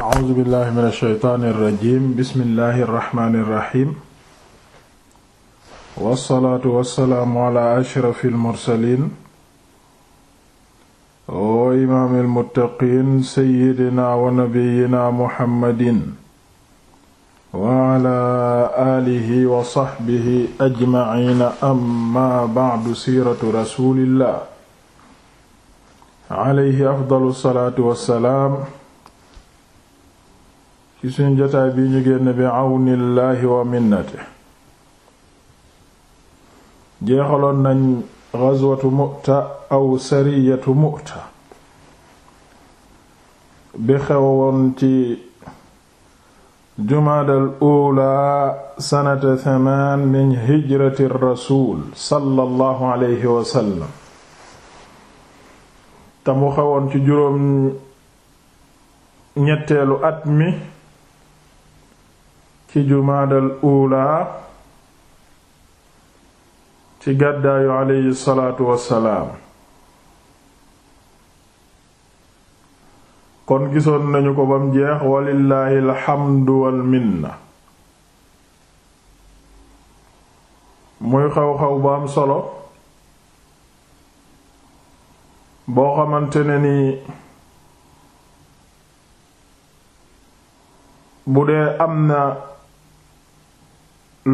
a'uuzu billahi mina shaytaani rajiim bismillahi rahmaani rahiim wassalaatu wassalaamu ala ashrafil mursaliin wa imaamil muttaqiin sayyidina wa nabiyyina muhammadin wa ala aalihi wa sahbihi ajmaciina amma ba'du siiratu rasuulillah alayhi afdalu salaatu wassalaam ci suñu jotaay bi ñu génn bi àwnillaahi wa minnate jeexaloon nañ ghazwatu mu'ta aw sariyatu mu'ta bi xewwoon ci jumaadal uulaa sanata thamaan min hijrati rasuul sallallahu alayhi wa sallam te ci juróom ñetteelu at mi ci jumaadal uulaa ci gàddaayu aleyhi salaatu wassalaam kon gisoon nañu ko bam jeex walillaahi alxamdu walminna muy xaw-xaw bu am solo boo xamante ne ni bu dee am na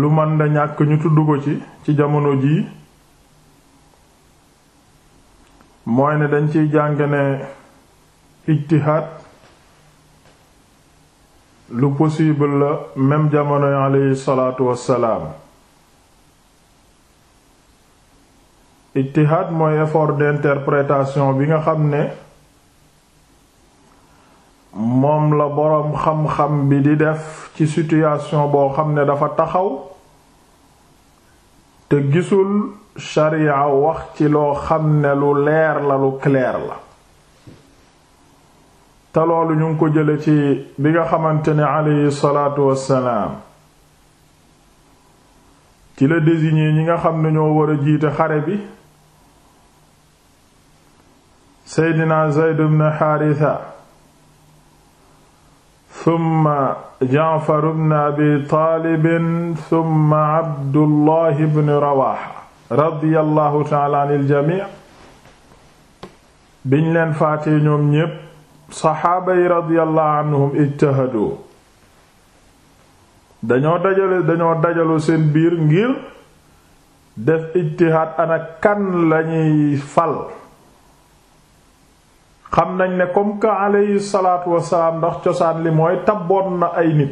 lu man da ñàkk ñu tudd ko ci ci jamono jii mooy ne dañ ciy jàng ne ijtihaad lu possible la même jamono yi aleyhi salaatu wassalaam ijtihaad mooy effort d'interprétation bi nga xam ne moom la boroom xam-xam bi di def ci situation boo xam ne dafa taxaw te gisul sharia wax ci loo xam ne lu leer la lu clair la te loolu ñu ngi ko jële ci bi nga xamante ne aleyhi salaatu wassalaam ci la désigné ñi nga xam ne ñoo war a jiite xare bi seydina Zayd ibn Haritha summa Ja'far ibn Abi Taalib summa Abdullah ibn Rawaaha radiyallahu ta'ala anil jamii' biñ leen faatee ñoom ñépp saxaaba yi radiyallahu anhum ijtahadu dañoo dajale dañoo dajaloo seen biir ngir def ijtihaad ana kan lañuy fal xam nañ ne comme que alayhi salaatu wasalaam ndax cosaan li mooy tabboon na ay nit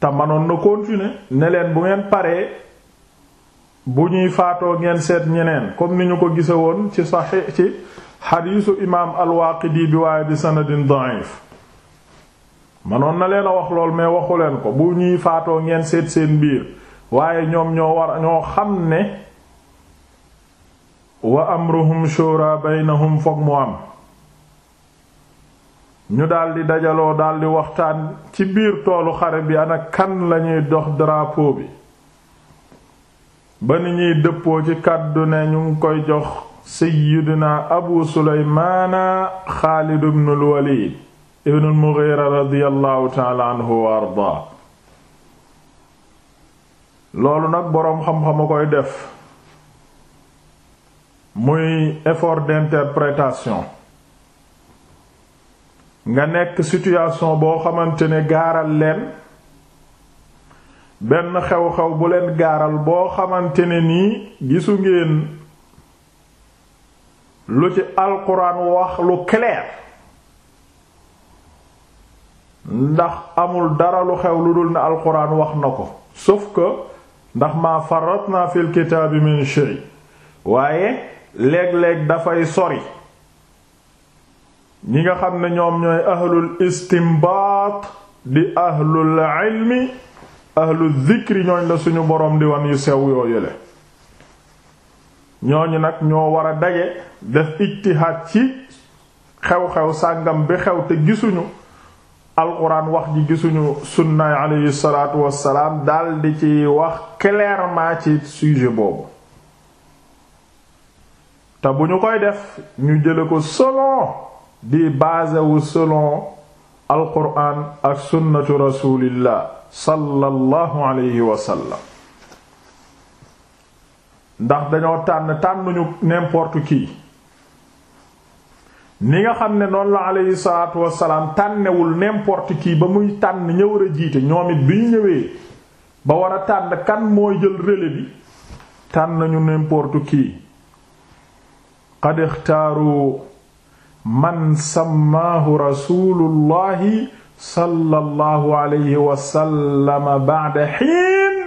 te manoon na continuer ne leen bu ngeen paree bu ñuy faatoo ngeen seet ñeneen comme ni ñu ko gise woon ci saxiix ci xadiisu imaam al-Waaqidi bi waaye bi sanadin da'if manoon na leen a wax lool mais waxu leen ko bu ñuy faatoo ngeen seet seen biir waaye ñoom ñoo war ñoo xam ne wa amruhum shura baynahum foog mu am ñu daldi dajaloo daldi waxtaan ci biir toolu xare bi a kan lañuy dox drapeau bi ba ni ñuy dëppoo ci kàddu ne ñu ngi koy jox sayyidina abu suleymaana xaalid ibnul walid ibnul mughira radiyallahu taala anhu wa ardaa loolu nag boroom xam-xama koy def muy effort d'interprétation nga nekk situation boo xamante ne gaaral leen benn xew-xew bu leen gaaral boo xamante ne nii gisu ngeen lu ci alquran wax lu clair ndax amul dara lu xew lu dul ne wax na ko sauf ko ndax ma faratna fil kitaabi min shay waaye léeg-léeg dafay sori ñi nga xam ne ñoom ñooy ahlul istimbaat di ahlul ilmi ahlul zikri ñooñ la suñu boroom di wan yu sew yooyu le ñooñu nag ñoo war a daje def ijtihaad ci xew-xew sàngam bi xew te gisuñu alquran wax ji gisuñu sunnaay alayhi salaatu wassalaam daldi ci wax clairement ci sujet boobu te bu ñu koy def ñu jële ko selon di basé wu selon alquran ak sunnatu rasulillah sallallahu alayhi wa sallam ndax dañoo tànn tànnuñu n'importe qui ni nga xam ne noonu la aleyhi salaatu wasalaam tànnewul n'importe kii ba muy tànn ña war a jiite ñoom it bi ñëwee ba wara tànn kan mooy jël relais bi tànn nañu n'importe kii qad ixtaaru man sammaahu rasulullahi sallallahu alayhi wa sallam ba'da hiin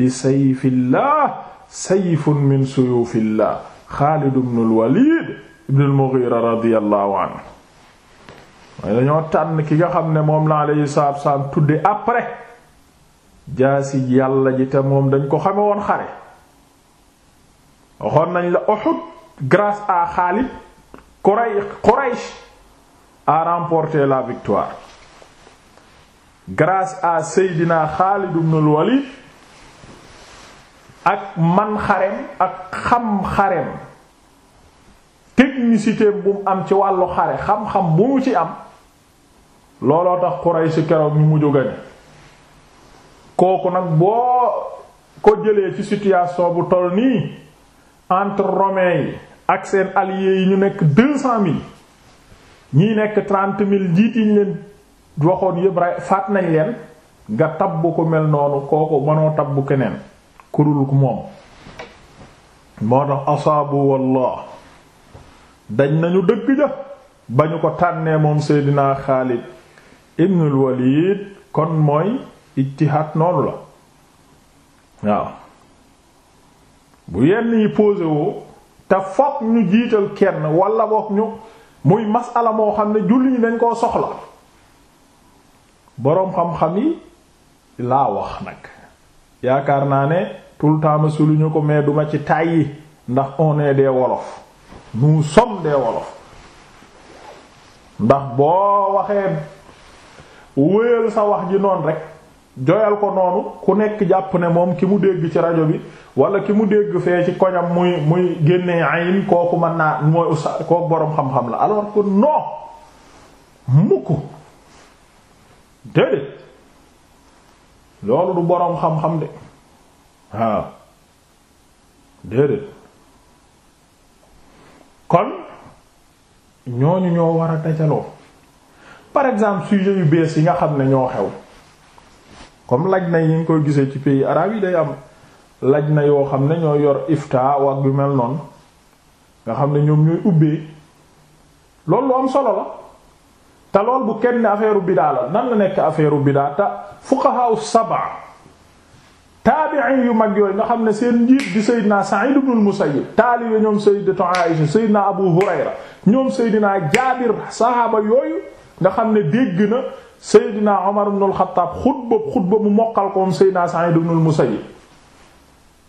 bi sayfillah sayfun min suyuufillah Xaalid ibn al-Waliid ibn al-Mughiira anhu waaye dañoo tànn ki nga xam ne moom la alayhi salaatu salaam tudde après jaasi yàlla ji te moom dañ ko xame woon xare waxoon nañ la Uhud grâce à Khalid Quraysh a remporté la victoire grâce à Seydina Khalid ibn al-Walid ak man xarem ak xam xarem technicité bu mu am ci wàllu xare xam-xam bu mu ci am looloo tax Quraysh keroog ñu mujj gañ kooku nag boo ko jëlee ci situation bu toll nii entre romains yi ak seen alliés yi ñu nekk deux cent mille ñii nekk trente mille njiit yi ñu leen waxoon yëpp faat nañ leen nga tabbu ko mel noonu kooku mënoo tabbu keneen kurul moom moo tax asaabu wallah dañ nañu dëgg ja ba ñu ko tànnee moom seydinaa Xaalid ibnul Walid kon mooy ijtihaad noonu la waaw bu yenn yi posé te fokk ñu jiital kenn walla boog ñu muy masala moo xam ne julli ñi dañ koo soxla boroom xam-xam yi laa wax nag yaakaar naa ne tout le temps ko mais duma ci tàyyi ndax on est wolof nous sommes des wolof ndax boo waxee wéyal sa wax ji noonu rek joyal ko noonu ku nekk jàpp ne moom ki mu dégg ci rajo bi wala ki mu dégg fee ci koñam muy muy génnee ayin kooku mën naa mooy ussa kooku boroom xam-xam la alors que non mukk loolu boroom xam-xam de kon ñooñu ñoo war a dajaloo par exemple sujet yu bees yi nga xam ne ñoo xew comme laj na yi nga koy gisee ci pays arabe yi day am laj na yoo xam ne ñoo yor ifta wak yu mel noonu nga xam ne ñoom ñooy ubbee loolu lu am solo la te lool bu kenn affaire bidaa la nan la nekk affaire bidaa te fuqaha saba taabi'in yu mag yooyu nga xam ne seen njiit di Seydina Sa'id ibn al-Musayyib taalibe ñoom Sayyidatu Aisha Seydina Abu Hurayra ñoom Seydina Jaabir sahaaba yooyu nga xam ne dégg na Seydina Omar ibn al-Khattab xutba xutba mu mokkal koom Seydina Sa'id ibn al-Musayyib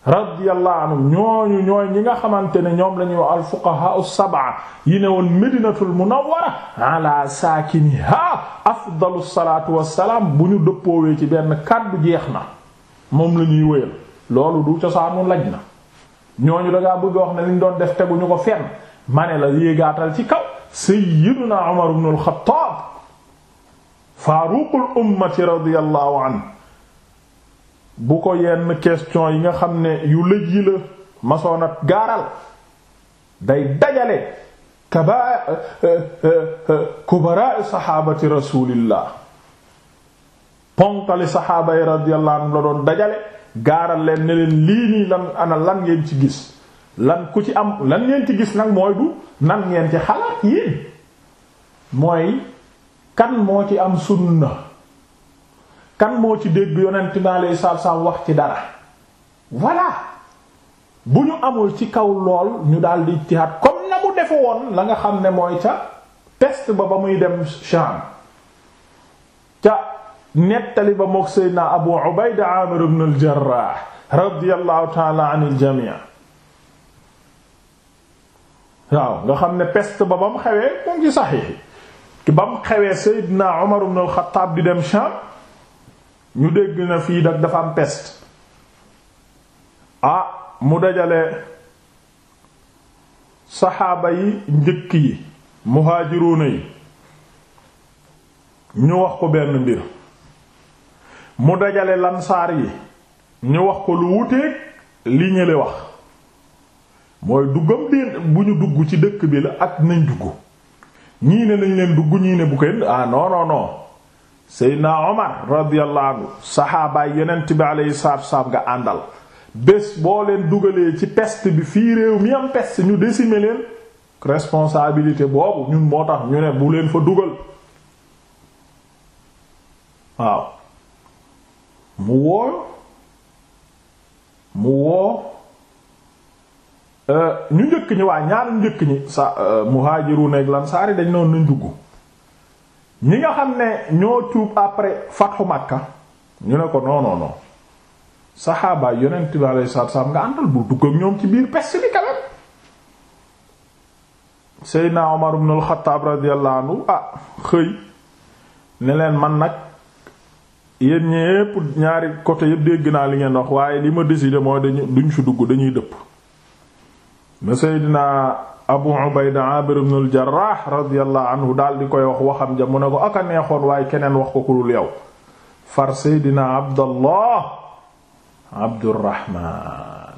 radiyallahu anhum ñooñu ñooy ñi nga xamante ne ñoom la ñuy wax al-fuqaha as-sab'a yi ne woon Madinatul Munawwara ala saakiniha afdalu salaatu wassalaam bu ñu dëppoowee ci benn kàddu jeex na moom la ñuy wéyal loolu du cosaanu laj na ñooñu da ngaa bëgg wax ne liñ doon def teguñu ko fenn ma ne la yéegaatal ci kaw Seydina Omar ibn al-Khattab faaruqul ummati radiyallahu an bu ko yenn question yi nga xam ne yu lëj yi la masoonat gaaral day dajale kaba eh, eh, eh, kubaraa saxaabati rasulillah ponkali saxaaba yi radiyallahu anhu la doon dajale gaaral leen ne leen lii nii lan ana lan ngeen ci gis lan ku ci am lan ngeen ci gis nag mooy du nan ngeen ci xalaat yéen mooy kan moo ci am sunna kan moo ci dégg yonent bi alayhi salaatu salaam wax ci dara voilà bu ñu amul ci kaw lool ñu daal di ijtihaad comme na mu defe woon la nga xam ne mooy ca pest ba ba muy dem Sham ca nettali ba mook Seydina Abu Ubayda Aamir ibn al-Jarrah radiyallahu ta'ala anil jami' waaw nga xam ne pest ba ba mu xewee mu ngi saxiix ci ba mu xewee Seydina Umar ibn al-Khattab di dem Sham ñu dégg na fii nag dafa am peste ah mu dajale saxaaba yi njëkk yi muhaajiruuna yi ñu wax ko benn mbir mu dajale lansaar yi ñu wax ko lu wuteeg li ñële wax mooy duggam dén bu ñu dugg ci dëkk bi la ak nañ dugg ñii ne nañ leen dugg ñii ne bu kenn ah non non non Seydina Omar radiyallahu anhu saxaabaay yonent bi alayhi salaatu wassalaam nga àndal bés boo leen dugalee ci peste bi fii réew mi am peste ñu décimer leen responsabilité boobu ñun moo tax ñu ne bu leen fa dugal waaw mu woo mu woo Euh, ñu njëkk ñi waa ñaar njëkk ñi sa euh, muhaajiruun ak lansaar yi dañ noonu nañ dugg ñi nga xam ne ñoo tuub après fatxu Makka ñu ne ko non non non saxaaba yonent bi alayhi salaatu salaam nga àndal bu dugg ak ñoom ci biir peste bi quand même Seydina Omar ibn al-Khattab radiyallahu ah xëy ne leen man nag yéen ñépp ñaari côté yépp dégg naa li ngeen wax waaye li ma décidé mooy dañu duñ fi dugg dañuy dëpp ma seydina abu ubayda amir ibn al jarrah radiyallahu anhu daal di koy wax waxam ja mu ne ko ak a neexoon waaye keneen wax ko kulul yow far seydina abdallah abdurrahman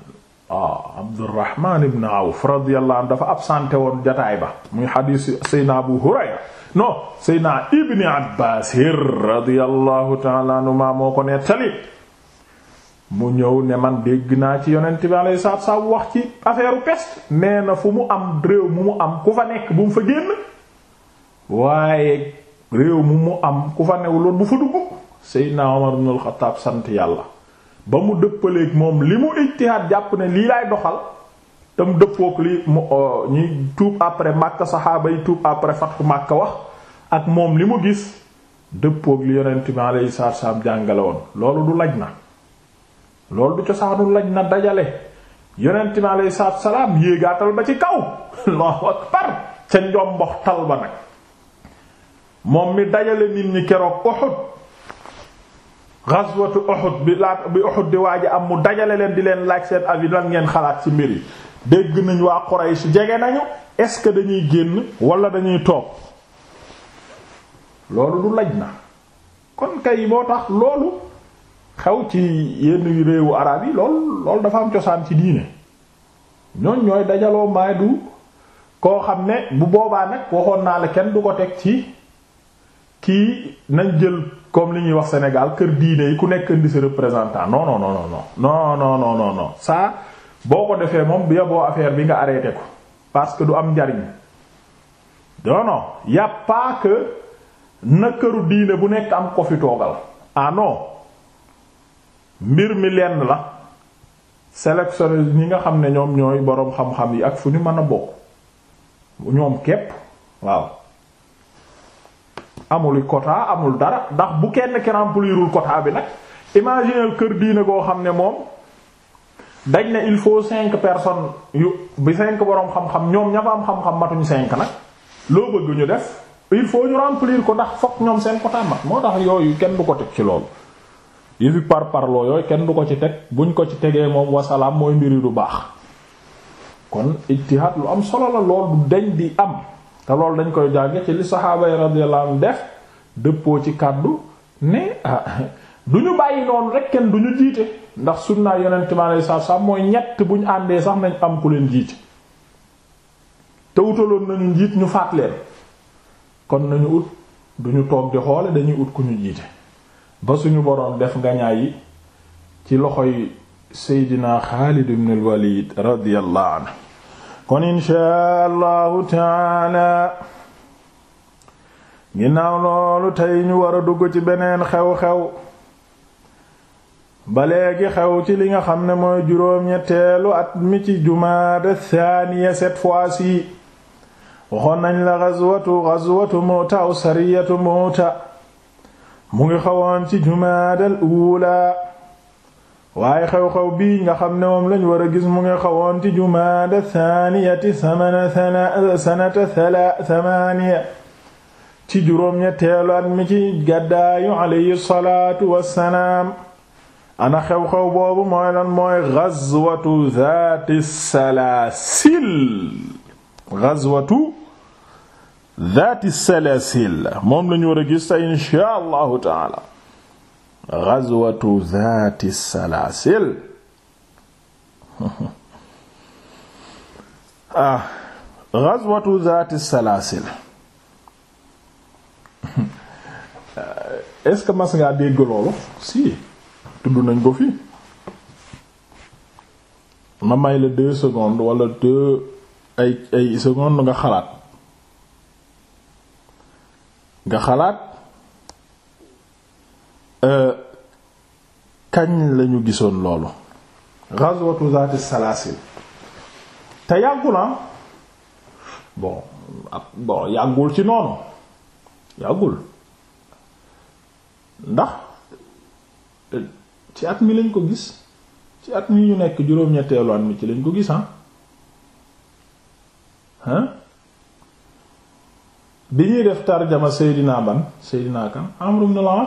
ah abdurrahman ibn awf radiyallahu anhu dafa absenté woon jataay ba muy xadiis seydina abu hurayra non seydina ibni abbaasir radiyallahu ta'ala anhu maa moo ko nettali mu ñëw ne man dégg naa ci yonent bi alayhi salaatu salaam wax ci affaire pes nee na fu mu am réew mu mu am ku fa nekk bu mu fa génn waaye réew mu mu am ku fa newuloon bu fa dugg Seydina Omar ibn al-Khattab sant yàlla ba mu dëppaleeg moom li mu ijtihaad jàpp ne lii laay doxal te dëppook li mu euh, ñuy tuub après Makka saxaaba yi tuub après fatxu Makka wax ak moom li mu gis dëppook li yonent bi alayhi salaatu salaam jàngale woon loolu du laj na loolu du cosaanul lañ na dajale yonent mi aleyhi salaatu salaam yéegaatal ba ci kaw Allahu akbar ca njomboxtal ba nag moom mi dajale nit ñi keroog Uhud ghazwatu Uhud bi laat bi Uhud di waaj am mu dajale leen di leen laaj seen avis lan ngeen xalaat ci mbir yi dégg nañ waa Quraysh jege nañu est-ce dañuy génn walla dañuy toog loolu du laj na kon kay moo tax loolu xew ci yenn réewu arab yi lool lool dafa am cosaan ci diine ñooñ ñooy dajaloo maay du koo xam ne bu boobaa nag waxoon naa la kenn du ko teg ci kii nañ jël comme li ñuy wax Sénégal kër diine yi ku nekk indi sa représentant boo ko defee moom bu yaboo affaire bi nga arrêté ko parce que du am njariñ non non y na këru diine bu nekk am ko toogal ah mbir mi lenn la sélectionné ñi nga xam ne ñoom ñooy boroom xam-xam yi ak fu ñu mën a bokk ñoom kepp waaw amul quota amul dara ndax bu kenn ki remplirul quota bi nag imaginez kër diine koo xam ne moom daj ne il faut cinq personne yu bi cinq boroom xam-xam ñoom ña am xam-xam matuñ cinq nag loo bëgg ñu def il faut ñu remplir ko ndax fokk ñoom seen quota mat moo tax yooyu kenn du ko teg ci loolu yëfi par parloo yooyu kenn du ko ci teg buñ ko ci tegee moom wasalaam mooy mbiri du baax kon ijtihaad lu am solo la loolu du dañ di am te loolu dañ koy jànge ci li saxaaba yi radiyallahu anhu def dëppoo ci kàddu ne ah, du ñu bàyyi noonu rek kenn du ñu jiite ndax sunnaa yonent ma lay sax sax mooy ñett bu ñu àndee sax nañ am ku leen jiite te wutaloon nañu njiit ñu faat leen kon nañu ut du ñu toog di xoole dañuy ut ku ñu jiite ba suñu boroom def ngañaay yi ci loxo seydina Xaalid ibn al-Walid radiyallahu kon inshaa allahu taala ginnaaw loolu tey ñu war a dugg ci beneen xew-xew ba léegi xew ci li nga xam ne mooy juróom-ñetteelu at mi ci jumaada saaniya cette fois-ci waxoon nañ la gazwatu gazwatu Muuta aw sariyatu Muuta mu ngi xawoon ci jumaadal uula waaye xew-xew bii nga xam ne moom lañ war a gis mu ngi xawoon ci jumaada thaniyati samana sanata thamaniya ci juróom-ñetteelu at mi ci gàddaayu alayhi salaatu wassalaam ana xew-xew boobu mooy lan mooy ghazwatu zaati salaasil zaati salaasil moom lañu war a gis ta inshaa allahu taala ghazwatu zaati salaasil ah ghazwatu salaasil est-ce que dégg loolu si tudd nañ ko fii ma may la deux secondes wala deux ay ay secondes nga xalaat nga xalaat euh, kañ lañu gisoon loolu ghazwatu zaati salaasil te yàggul ah bon ak bon yàggul ci noonu yàggul ndax ci at mi lañ ko gis ci at mi ñu nekk juróom-ñetteelu mi ci lañ ko gis ah bi ñuy def tarjama Seydina ban Seydina kan Amr ibn al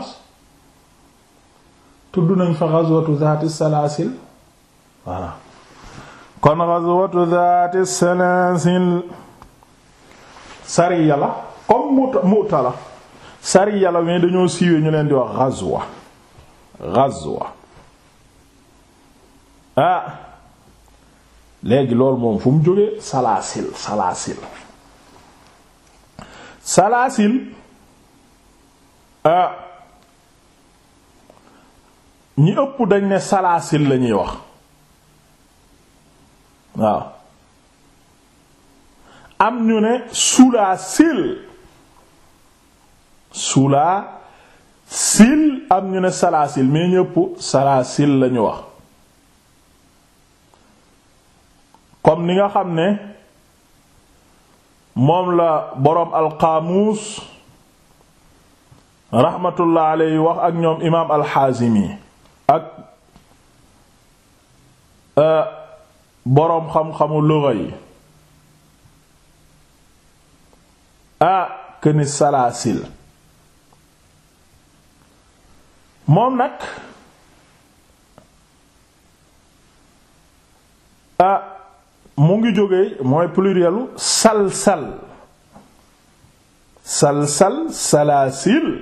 tudd nañ fa ghazwatu zaati salaasil voilà kon ghazwatu zaati salaasil sariya la comme muta muta la sariya la mais dañoo siiwee ñu leen di wax ghazwa ghazwa ah léegi loolu moom fu mu jógee salaasil salaasil salaasil euh, ñi ëpp dañ ne salaasil lañuy wax waaw am ñu ne sulaasil sulaasil am ñu ne salaasil mais ñu ëpp salaasil lañu wax comme ni nga xam ne moom la boroom alqaamuus rahmatullah alayhi wax ak ñoom imaam alxaazimi ak e, boroom xam-xamu luga yi ah këni salaasil moom nag ah mu ngi jógee mooy plurielu salsal salsal salaasil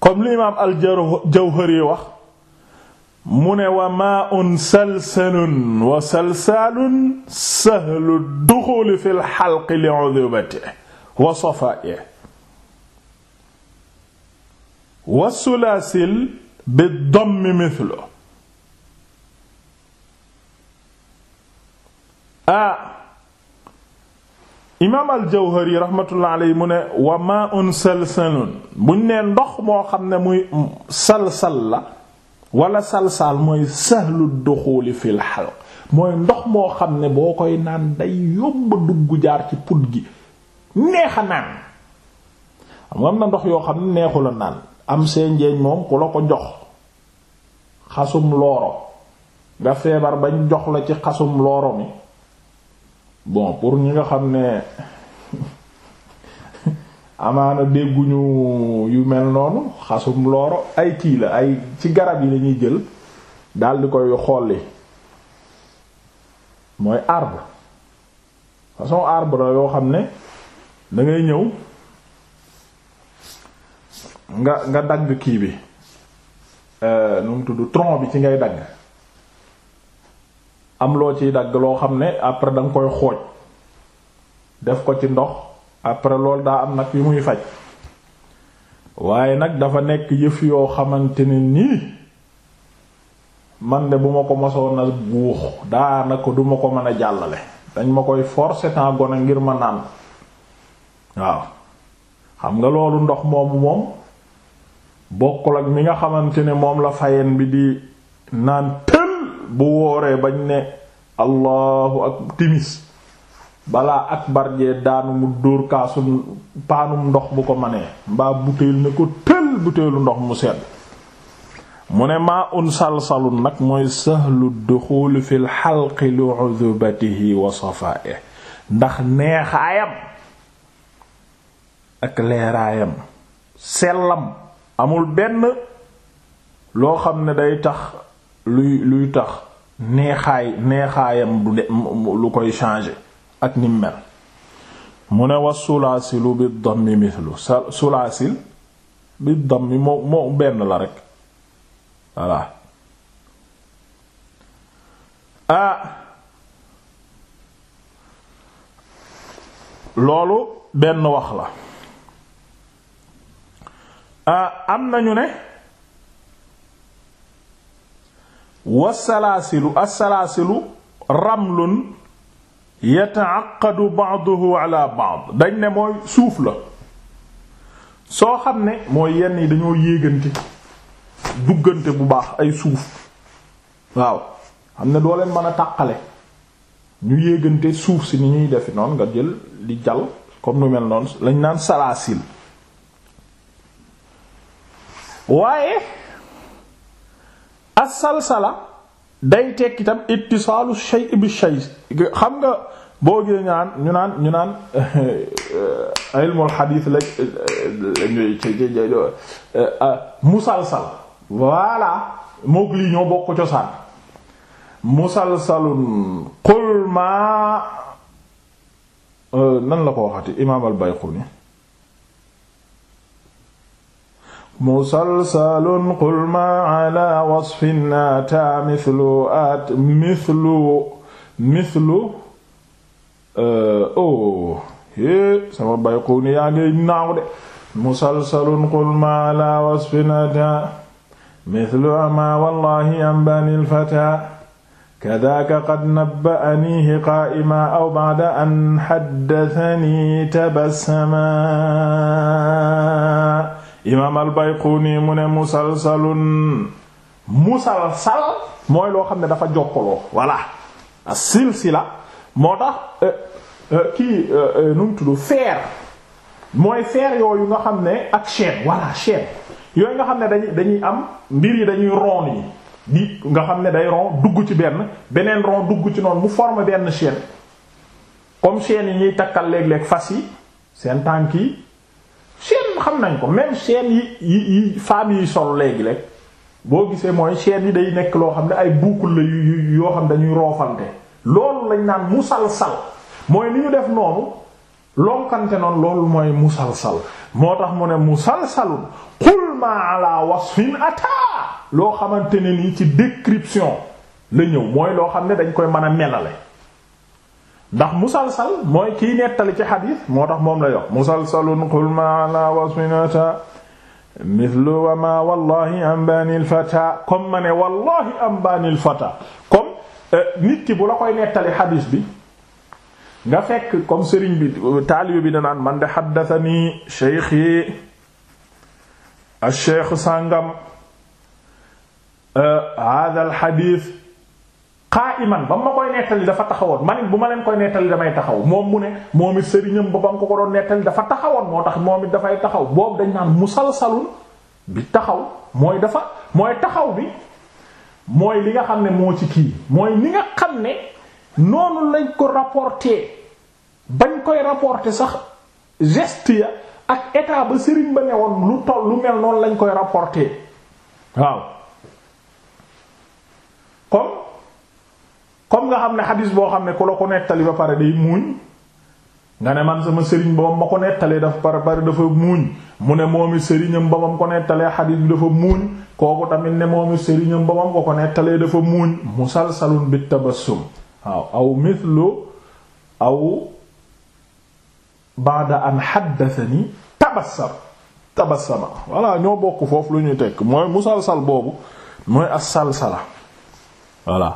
comme li imaam al-Jawhari wax mu ne wa maa'un salsalun wa salsalun sahlu duxuli fi lxalqi li'udubatihi wa safaa'ihi wa sulaasil bi dammi mithluhu ah imaam al-Jawhari rahmatullah mu ne wa ma'un salsalun buñ ne ndox moo xam ne muy sal la wala salsal mooy sahlu duxuli fil halq mooy ndox moo xam ne boo koy naan day yomba dugg jaar ci put gi neex a naan xam am na ndox yoo xam ne neexu la naan am seen njeeñ moom ku la ko jox xasum looro nga feebar bañ jox la ci xasum looro mi bon pour ñi nga xam ne amaana dégguñu yu mel noonu xasum looro ay kii la ay ci garab yi lañuy jël daldi koy xolli mooy arbre façon arbre la yoo xam ne dangay ñëw nga nga dagg kii bi euh, nu mu tudd tronc bi ci ngay dagg am loo ciy dagg loo xam ne après da nga koy xooj def ko ci ndox après lool daa am nag yu muy faj waaye nag dafa nekk yëf yoo xamante ne nii man de bu ma ko mosoon a guux daanaka du ma ko mën a jàllale dañ ma koy forcer temps gone ngir ma naan waaw xam nga loolu ndox moomu moom bokkul ak mi nga xamante ne moom la fayen bi di naan bu wooree bañ ne allahu ak timis balaa ak jee daanu mu dóor kaasu paanum ndox bu ko manee mbaa butéel ne ko tël butéelu ndox mu sedd mu ne maa un salsalun nag mooy sahlu duxuul fil xalqi li uzubatihi wa safaa'ihi ndax neexaayam ak leeraayam sellam amul benn loo xam ne day tax luy luy tax neexaay neexaayam du de lu koy changer ak nim mel mu ne wax sulaasilu bi dammi mislu sulaasil bi dammi moo moo benn la rekk voilà ah loolu benn wax la ah am nañu ne wasalaasilu asalaasilu ramlun yataaqadu ba'duhu ala ba'd dañ ne mooy suuf la soo xam ne mooy yenn yi dañoo yéegante duggante bu baax ay suuf waaw xam ne doo leen mën a tàqale ñu yéegante suuf si ni ñuy defi noon nga jël di jal comme nu mel noonu lañ naan salaasil waaye a salsala day tekki itam ittisaalu shay bi shay xam nga boo gee ñaan ñu naan ñu naan ilmul xadiis la ñuy euh, musalsal voilà mook lii ñoo bokk cosaan musalsalun qul ma euh, nan la ko waxati imaam bayquni musalsalun qul ma ala wasfin ata mithlu at mithlu mithlu uh, oh hé sama Bayquni yaa ngay naaw de musalsalun qul ma ala wasfin ata mithlu ama wallahi anbanil fata kadaaka qad nabba'anihi qaa'ima aw ba'da an haddathani tabassama imaam al-Bayquni mu ne musalsalun musalsal mooy loo xam ne dafa jokkaloo voilà as-silsila moo tax euh, euh, kii euh, nu mu tudd feer mooy feer yooyu nga xam ne ak chaîne voilà chaîne yooyu nga xam ne dañuy dañuy am mbir yi dañuy ron yi di nga xam ne day ron dugg ci benn beneen ron dugg ci noonu mu forme benn chaîne comme chaîne yi ñuy takkal léeg-léeg fas yi seen tànk yi xam nañ ko même chaîne yi yi yi femmes yi sol léegi rek boo gisee mooy chaîne yi day nekk loo xam ne ay boucle la yu yoo xam ne dañuy roofante loolu lañ naan musalsal mooy ni ñu def noonu lonkante noonu loolu mooy musalsal moo tax mu ne musalsalun qul ma ala wasfin ata loo xamante ne nii ci description la ñëw mooy loo xam ne dañ koy mën a melale ndax musalsal mooy kiy nettali ci xadiis moo tax moom la yox musalsalun qul ma wallahi ambanil fata comme ma ne wallahi ambanil fata comme euh, nit bu la koy nettali xadiis bi nga fekk comme sëriñ bi taalibe bi danaan man de xaddathani cheikh yi a cheikh sàngam euh, hada qa'iman ba ma koy nettali dafa taxawoon man it bu ma leen koy nettali damay taxaw moom mu ne moom it sëriñam ba ba mu ko ko doon nettali dafa taxawoon moo tax moom it dafay taxaw boobu dañ naan mu musalsalun bi taxaw mooy dafa mooy taxaw bi mooy li nga xam ne moo ci kii mooy li nga xam ne noonu lañ ko rapporté bañ koy rapporté sax geste ya ak état ba sëriñ ba ne woon lu toll lu mel noonu lañ koy rapporté waaw comme comme nga xam ne xadis boo xam ne ku la ko nettali ba pare day muuñ nga ne man sama sëriñ ba ko nettalee dafa pare pare dafa muuñ mu ne moomi sëriñam ba ma ko nettalee xadis bi dafa muuñ kooku tamit ne moomi sëriñam ba ma ko nettalee dafa muuñ musalsalun bi tabassum waaw aw mithlu aw ba'da an haddathani tabassam tabassama voilà ñoo bokk foofu lu ñuy tekk mooy musalsal boobu mooy as-salsala voilà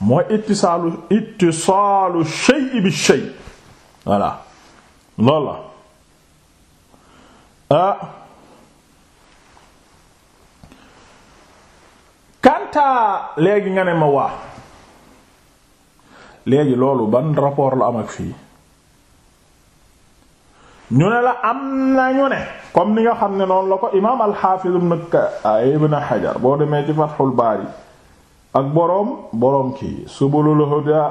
mooy ittisaalu ittisaalu shay bi shay voilà loolu la kantaa euh, léegi nga ne ma waa léegi loolu ban rapport la am ak fii ñu ne la am na ñu ne comme ni nga xam ne noonu la ko imaam al ibn Hajar boo demee ci Fathul Bari ak boroom boroom ki subulul huda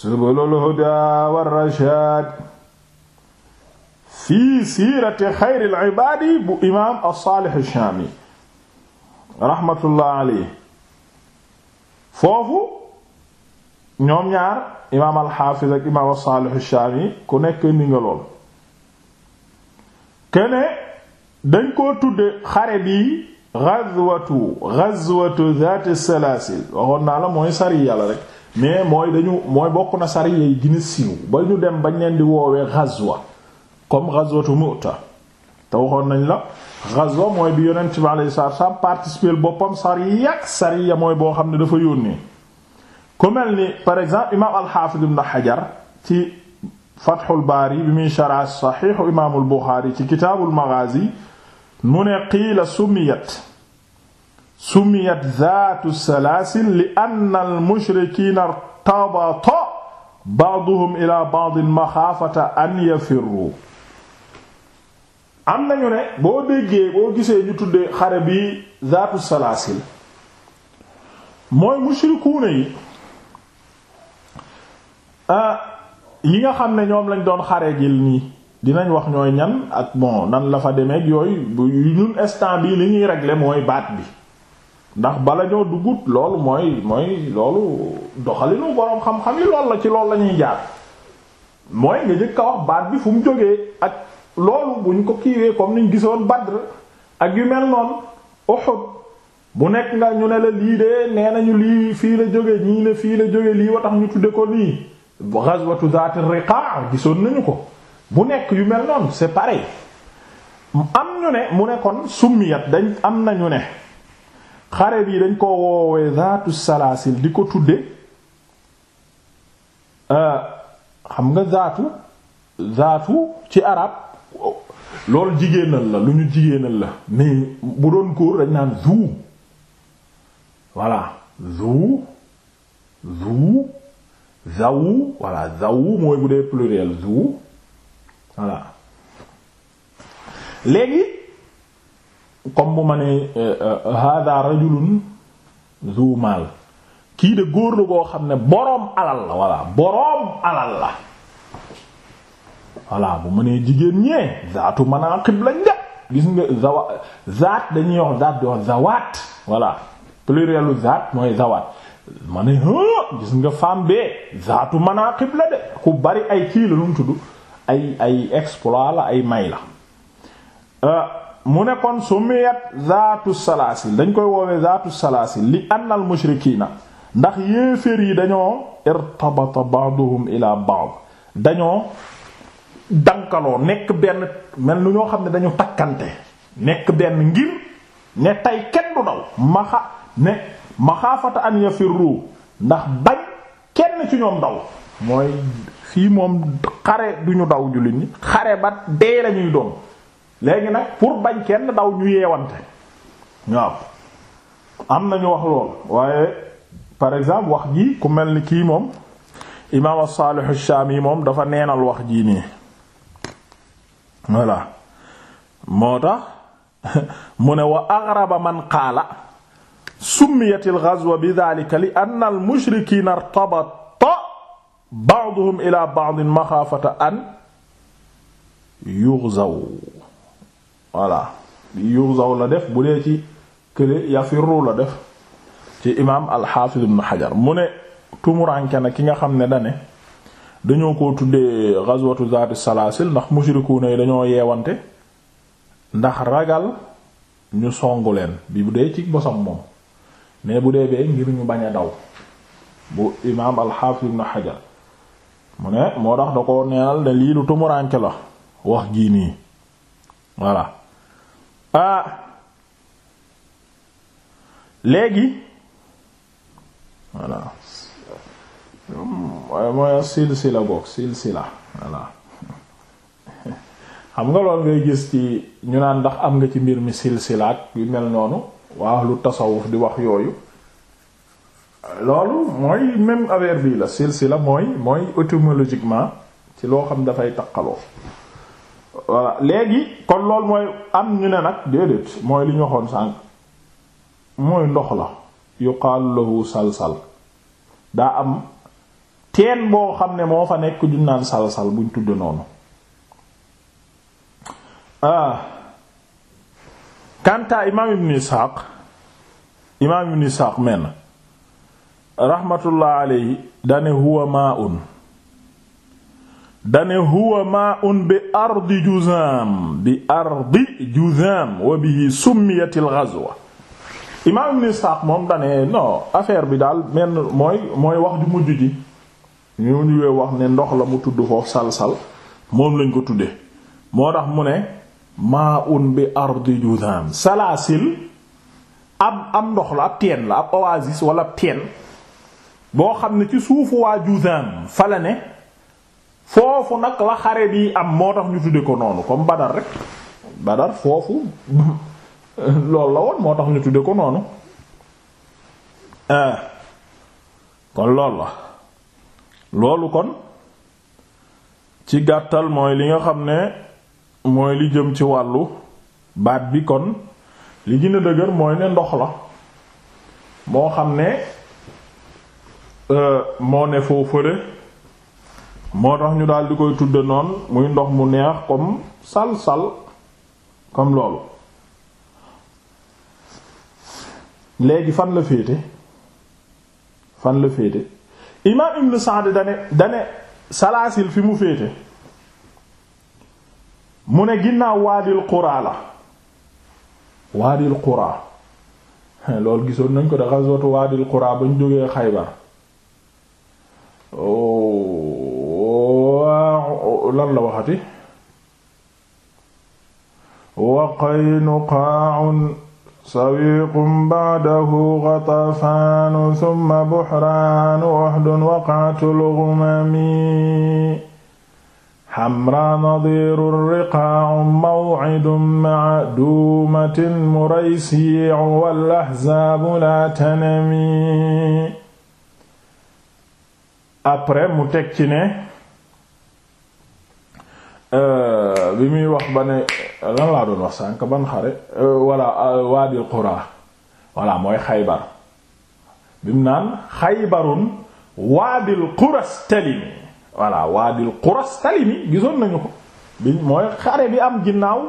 subulul huda war rashad fii siirati xayril ibaadi bu imaam as shaami rahmatullah alayhi foofu ñoom ñaar imaam al-Haafiz ak imaam as shaami ku nekk ni kene dañ koo tudde xare bii ghazwatu ghazwatu zaati salaasil waxoon naa la mooy sariya la rek mais mooy dañu mooy bokk na sariya yi gën siiw ba ñu dem bañ leen di woowee ghazwa comme ghazwatu Mu'ta te waxoon nañ la ghazwa mooy bi yonent bi alayhi salaatu boppam sariya sariya mooy boo xam ne dafa yónnee ku mel ni par exemple imaam al-Hafiz ibn Hajar ci Fathul Baari bi muy sharh Sahih imaamul Buxaari ci kitaabul Maghaazi mu ne qiila sumiyat sumiyat zaatu salaasil li anna al mushrikiina irtabata ba'duhum ila ba'din maxaafata an yafirru am nañu ne boo déggee boo gisee ñu tudde xare bi zaatu salaasil mooy mushrikuuna yi ah, yi nga xam ne ñoom lañ doon xare jil nii dinañ wax ñooy ñan ak bon nan la fa demee yooyu ñun instant bii li ñuy regle mooy baat bi ndax bala ñoo dugut loolu mooy mooy loolu doxalinu boroom xam-xam yi loolu la ci loolu la ñuy jaar mooy nga jëkk a wax baat bi fu jógee ak loolu buñ ko kiiwee comme niñ gisoon Badr ak yu mel noonu Uhud bu nekk nga ñu ne la lii de nee nañu lii fii la jóge ñii ne fii la jóge lii wa tax ñu tudde ko nii ghazwatu zaati riqa gisoon nañu ko bu nekk yu mel noonu c'est pareil am ñu ne mu nekkoon kon summiyat dañ am nañu ne xare bii dañ ko woowee zaatu salaasil di ko tuddee euh, xam nga zaatu zaatu ci arab loolu jigéenal la lu ñu jigéenal la mais bu doon góor dañ naan zu voilà zu zu zawu voilà zawu mooy bu dee pluriel zu voilà léegi comme bu ma ne euh, euh, hada rajulun zu kii de góor la goo xam ne boroom alal la voilà boroom alal la voilà bu ma nee jigéen ñee zaatu manaqib lañ de gis nga zawa zaat dañuy wax zaat di wax zawaat voilà plurielu zaat mooy zawaat ma ne gis nga femme bee zaatu manaqib la de ku bari ay kii la lu mu tudd ay ay exploit la ay may la euh, mu ne kon sumiyat zaatu salaasil dañ koy woowee zaatu salaasil li anna al mushrikiina ndax yéeféer yi dañoo irtabata ba'duhum ila ba'd dañoo dankaloo nekk benn mel nu ñoo xam ne dañu takkante nekk benn ngir ne tey kenn du daw maxa ne maxaafata an yafirru ndax bañ kenn ci ñoom daw mooy fii moom xare du ñu daw jullit ñi xare ba dee lañuy doon léegi nag pour bañ kenn daw ñu yeewante waaw am nañu wax lool waaye par exemple wax ji ku mel ni kii moom imaam as-Salih ash-Shami moom dafa neenal wax jii nii voilà moo tax mu ne wa aghraba man qaala summiyat al-ghazwa bi dhalika li anna al-mushrikina irtabat ba'duhum ila ba'din maxaafata an yughzaw voilà yughzaw la def bu dee ci kële yafirru la def ci imaam al-Hafiz ibn Hajar mu ne tumuranke na ki nga xam ne dane dañoo ko tuddee ghazwatu zaati salaasil ndax mushrikuuna yi dañoo yeewante ndax ragal ñu songu leen bi bu dee ci bosam moom mais bu dee bee ngir ñu bañ a daw bu imaam al-Hafiz ibn Hajar mu ne moo tax da ko neenal ne lii lu tumuranke la wax gii nii voilà ah léegi voilà mooy silsila bokk silsila voilà xam nga lool ngay gis ci ñu naan ndax am nga ci mbir mi silsilaak yu mel noonu waaw lu tasawuf di wax yooyu loolu mooy même affaire bii la la mooy mooy étymologiquement ci loo xam dafay taqaloo voilà léegi kon loolu mooy am ñu ne nag déedéet mooy li ñu waxoon sànq mooy ndox la yuqaalu lahu salsal daa am teen boo xam ne moo fa nekk ñu naan salsal buñ tudd noonu ah kanta imaam ibn Ishaq imaam ibn Ishaq men raxmatullah alayhi dane huwa maa'un dane huwa maa'un bi ardi Juzaam bi ardi Juzaam wa bihi summiyatil ghazwa imaam Ibn Isxaaq moom dane non affaire bi daal menn mooy mooy wax ju mujj ji ñu ñuwee wax ne ndox la mu tudd foofu sal-sal moom lañ ko tudde moo tax mu ne maa'un bi ardi Juzaam salaasil ab am ndox la ab teen la ab oasis wala ab teen boo xam ne ci suufu waa Juzaam fa ne foofu nag la xare bi am moo tax ñu tudde ko noonu comme Badar rek Badar foofu loolu ñu tudde ko noonu ah. kon loolu la loolu kon ci gàttal mooy li nga xam ne mooy li jëm ci wàllu baat bi kon li gën a dëgër mooy ne ndox la moo xam ne Euh, moo ne foo fële moo tax ñu daal di koy tudde noon muy ndox mu neex comme sal-sal comme loolu léegi fan la féete fan la féete imaam ibn Sa'd dane dane salaasil fi mu féete mu ne ginnaaw waadil quraa la waadil quraa loolu gisoon nañ ko da ghazwatu waadil quraa ba ñu jógee Xaybar waa oh, lan la waxati wa qaynuqaa'un sawiqun ba'dahu ghatafaanu thumma buhraanu uhdun waqa'atul ghumami hamraa nadiiru riqaa'u maw'idun ma'a duumatin muraysi'un wal ahzaabu laa tanami après mu teg ci ne euh, bi muy wax ba ne lan laa doon wax sànk ban xare euh, walla euh, waadil qura walla mooy xaybar bi mu naan xaybarun waadil qurastalimi walla waadil qurastalimi gisoon nañu ko bi mooy xare bi am ginnaaw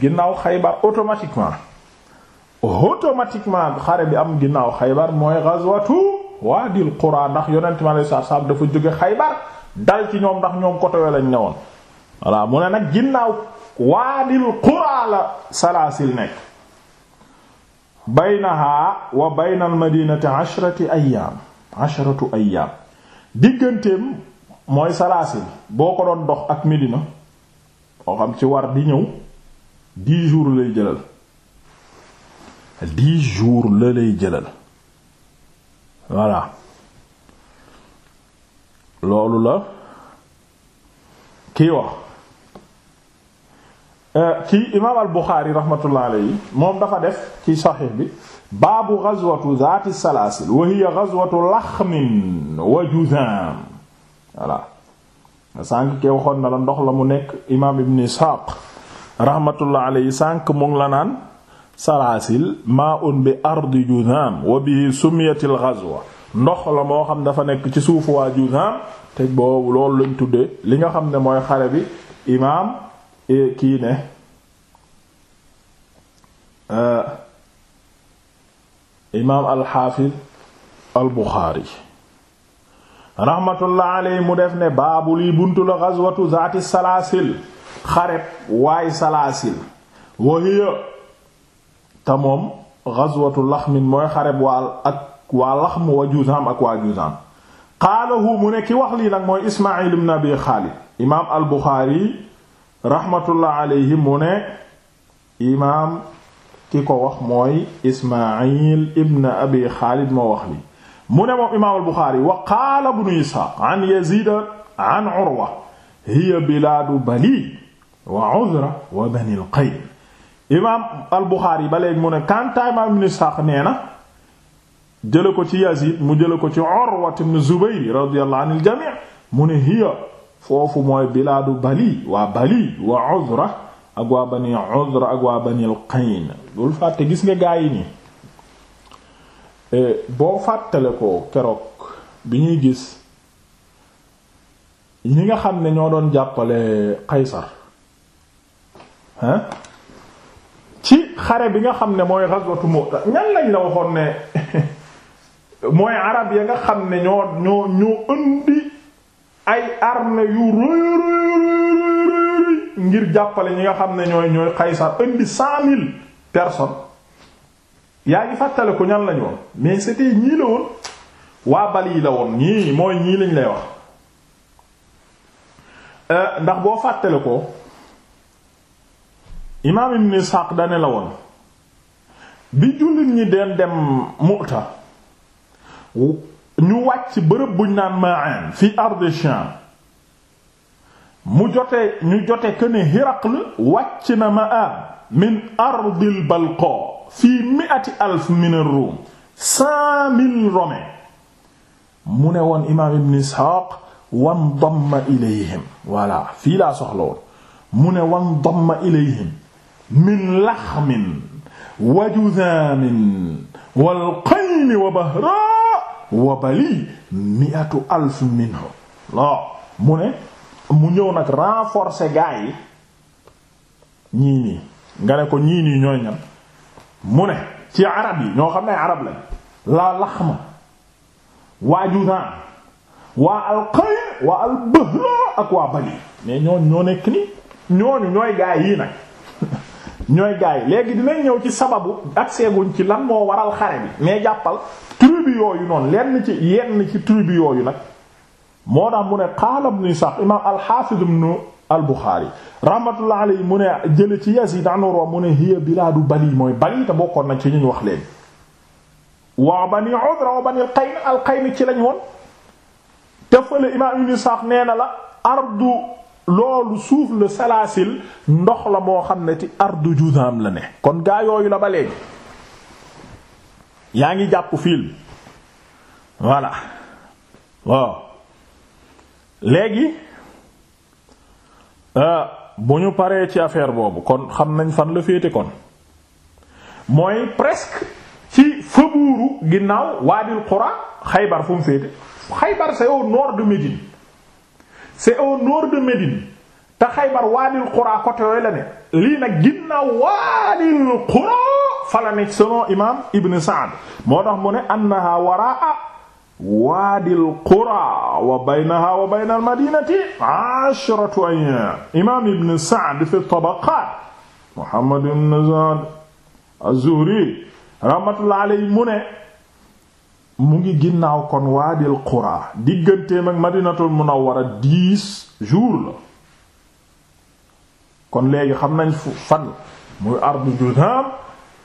ginnaaw xaybar automatiquement automatiquement xare bi am ginnaaw xaybar mooy ghazwatu waa waadil qura ndax yonent mi alayhi salaatu salaam dafa jóge xaybar dal ci ñoom ndax ñoom côté we lañ ñëwoon voilà mu ne nag ginnaaw waadil qura la salaasil nekk baynaha wa bayna madinati ashrati ayyaam digganteem mooy salaasil boo ko doon dox ak Medina moo xam ci war di ñëw dix jours lay jëlal dix jours la lay jëlal voilà loolu la kii wax euh, kii imaam al Buxaari rahmatullah alayhi moom dafa def ci saxiix bi baabu gazwatu zaati salaasil wa hiya gazwatu laxmin wa juzaam voilà sànq kee waxoon na la ndox la mu nekk imaam ibn Isxaaq rahmatullah alayhi sànq mu la naan salaasil maa'un bi ardi Juzaam wa bi sumiyatil ghazwa ndox la moo xam dafa nekk ci suufu waa te boobu loolu lañ tuddee li nga xam ne mooy xare bi imaam e, kii ne e, imaam alxaafiz al Buxaari rahmatullah aley mu def ne baabu lii buntu la ghazwatu zaati salaasil xareb waay salaasil wa te moom ghazwatu laxmin mooy xareb waa ak waa laxm wa juzaam ak waa juzaam qaalahu mu ne ki wax lii nag mooy ismail ibn abi xaalid imaam al buxaari rahmatullah alayhi mu ne imaam ki ko wax mooy ismail ibn abi xaalid moo wax lii mu ne moom imaam al buxaari wa qaala ibnu isxaaq an yaziid an urwa hiya bilaadu bali wa uzra wa bani al qayn imaam al-Buxaari ba léegi mu ne kantaa imaam ibn Isxaaq nee na jële ko ci Yaziid mu jële ko ci Urwa ibn Zubayr radiyallahu anil jamii mu ne hiya foofu mooy bilaadu Bali waa Bali waa Uzra waa bani waa bani al-Qayn fàtte gis nga gaa yi nii eh, boo fàttale ko keroog bi ñuy gis ñi nga xam ne ñoo doon jàppale Qaysar ci xare bi nga xam ne mooy ghazwatu Mu'ta ñan lañ la waxoon ne mooy arab ya nga xam ne ñoo ñoo ñoo indi ay armée yu rëy ngir jàppale ñi nga xam ne ñooy ñooy Qaysar indi cent mille personnes yaa ngi fàttale ko ñan lañ woon mais c'était ñii la woon waa bal yi la woon ñii mooy ñii lañ lay wax euh, ndax boo fàttale ko imaam ibn Isxaaq dane la woon bi jullit ñi deen dem Mu'ta ñu wàcc bërëb buñ naan Ma'an fi ardi Sham mu jote ñu jote këne Hiraql wàcc na Ma'ab min ardil Balqa fii mi'ati alf min ar mu ne woon imaam ibn Isxaaq wan damma ilayhim voilà fii laa soxla woon mu ne wan damma ilayhim min laxmin wa juzaamin wal qayni wa bahraa wa bali miatu alf minhu loo mu ne mu ñëw nag renforcer gaa yi ñii nii nga ne ko ñii nii ñooy ñan mu ne ci arab yi ñoo xam ne arab lañ laa laxma waa juzaan waa al waa al ak waa bali mais ñooñu ñoo nekk nii ñooñu ñooy gaa yii nag ñooy gaay léegi dinañ ñëw ci sababu ak seeguñ ci lan moo waral xare bi mais jàppal tribu yooyu noonu lenn ci yenn ci tribu yooyu nag moo tax mu ne qaala ibnu Isaaq imaam al-Haafiz ibnu al-Buxaari rahmatullah alayhi mu ne jële ci Yaziid an Urwa mu ne hiya bilaadu Bali mooy bari te bokkoon nañ ci ñu wax leen waa Bani Udra wa Bani al-Qayn al ci lañ woon te fële imaam ibnu Isaaq nee na la loolu suuf la salaasil ndox la moo xam ne ci ardu Juzaam la ne kon gaa yooyu la ba léegi yaa ngi jàpp film voilà waaw léegi euh, bu ñu paree ci affaire boobu kon xam nañ fan la féete kon mooy presque ci fabuuru ginnaaw Waadil Qura Xaybar fu mu féete Xaybar c'est au nord de c'est au nord de Médine te Xaybar Wâdil Qourâ côté yooyu la ne lii nag ginnaaw Wâdil Qourâ fa la nekk selon imam Ibn Sa'd moo tax mu ne annaha waraa Wâdil Qourâ wa baynaha wa bayna al-madinati ashratu ayyam imam Ibn Sa'd fi tabaqat Muhammad ibn Sa'd az-Zuhri rahmatullahi alayhi mu ne mu ngi ginnaaw kon waadil qura digganteem ak madinatul a dix jours la kon léegi xam nañ fan muy ardu Juzaam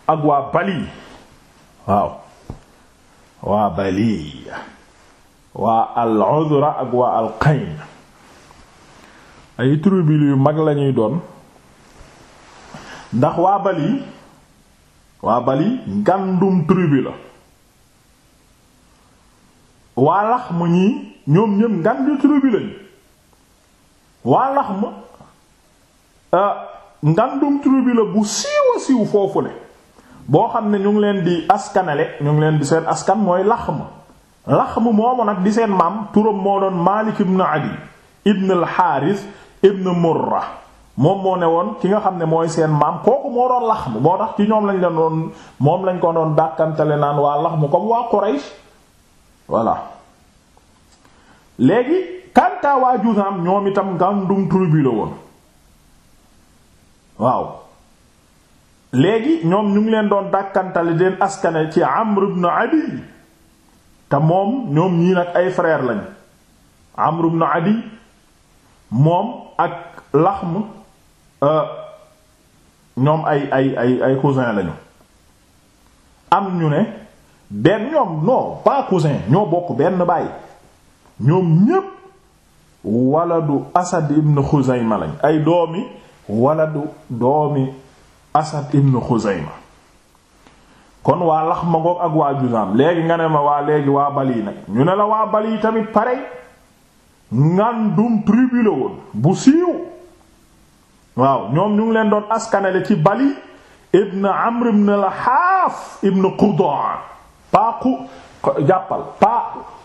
ak waa Bali waaw waa Bali waa al-Uzra ak waa al-Qayn ay tribu yu mag lañuy doon ndax waa Bali waa Bali ngàndum tribu waa lax ñi ñoom ñëm ngan di tribu lañ waa lax ma euh, ngandum tribu bu siiwa siiw foofu le boo xam ne ñu ngi leen di askanale ñu ngi leen di seen askan mooy lax ma lax ma moomu nag di seen maam turam moo doon Maalik ibn Adi ibn al-Haaris ibn Murra moom moo ne woon ki nga xam ne mooy seen maam kooku moo doon lax ma tax ci ñoom lañ leen doon moom lañ ko doon dàkkantale naan waa lax ma comme waa Quraysh voilà léegi kanta waa Juzaam ñoom itam ngàndum tribu la woon waaw léegi ñoom ñu ngi leen doon dàkkantale deen askane ci Amr ibn Adi te moom ñoom ñii nag ay frère lañ Amr ibn Adi moom ak Laxm euh, ñoom ay ay ay ay cousin lañu am ñu ne benn ñoom non pas cousin ñoo bokk benn baay ñoom ñépp waladu asad ibn xuzayma lañ ay doomi waladu doomi asad ibn xuzayma kon waa lax ma ngoog ak waa juzaam léegi nga ne ma waa léegi waa bali nag ñu ne la waa bali tamit pare ngàndum tribu la woon bu siiw waaw ñoom ñu ngi leen doon askanale ci bali ibn amr ibn al haaf ibn qudaa paa xu jàppal paa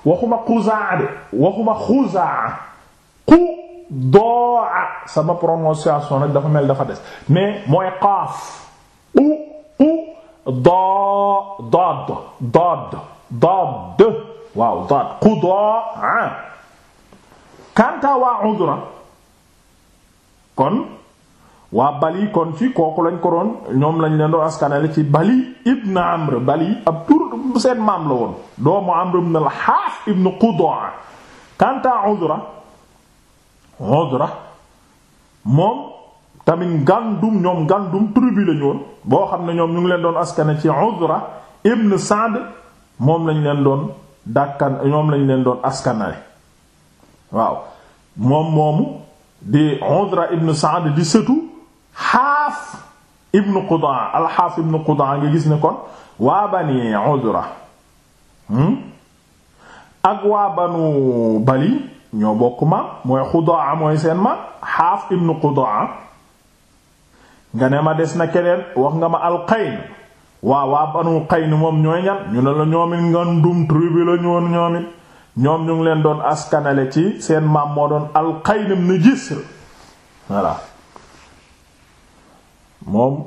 waxuma xuzaa de waxuma xuzaa xu doo sama prononciation nag dafa mel dafa des mais mooy xaaf u u doo dodd dodd dodd waaw dodd xu doo kanta waa udra kon waa bali kon ci kooku lañ ko doon ñoom lañ leen doon askanale ci bali ibn amr bali abdu ñépp seen maam la woon doomu Amr ibn la haas ibn Qudaa kanta Udra Udra moom tamit ngàndum ñoom ngàndum tribu la boo xam ne ñoom ñu ngi leen doon askane ci Udra ibn Sa'd moom lañ leen doon dàkkan ñoom lañ leen doon askanale waaw moom moomu di Udra ibn Sa'd di sëtu Haas ibnu Qudaa alxaaf ibnu Qudaa nga gis ne kon waa bani Udra hmm? ak waa banu Bali ñoo bokk maam mooy Qudaa mooy seen ma xaaf ibnu Qudaa nga ne ma des na keneen wax nga ma alqayn waa waa banu qayn moom ñooy ñan ñu ne la ñoomit ngandum tribu la ñoon ñoom ñu leen doon askanale ci seen maam moo doon alqayn ibnu Jisr voilà moom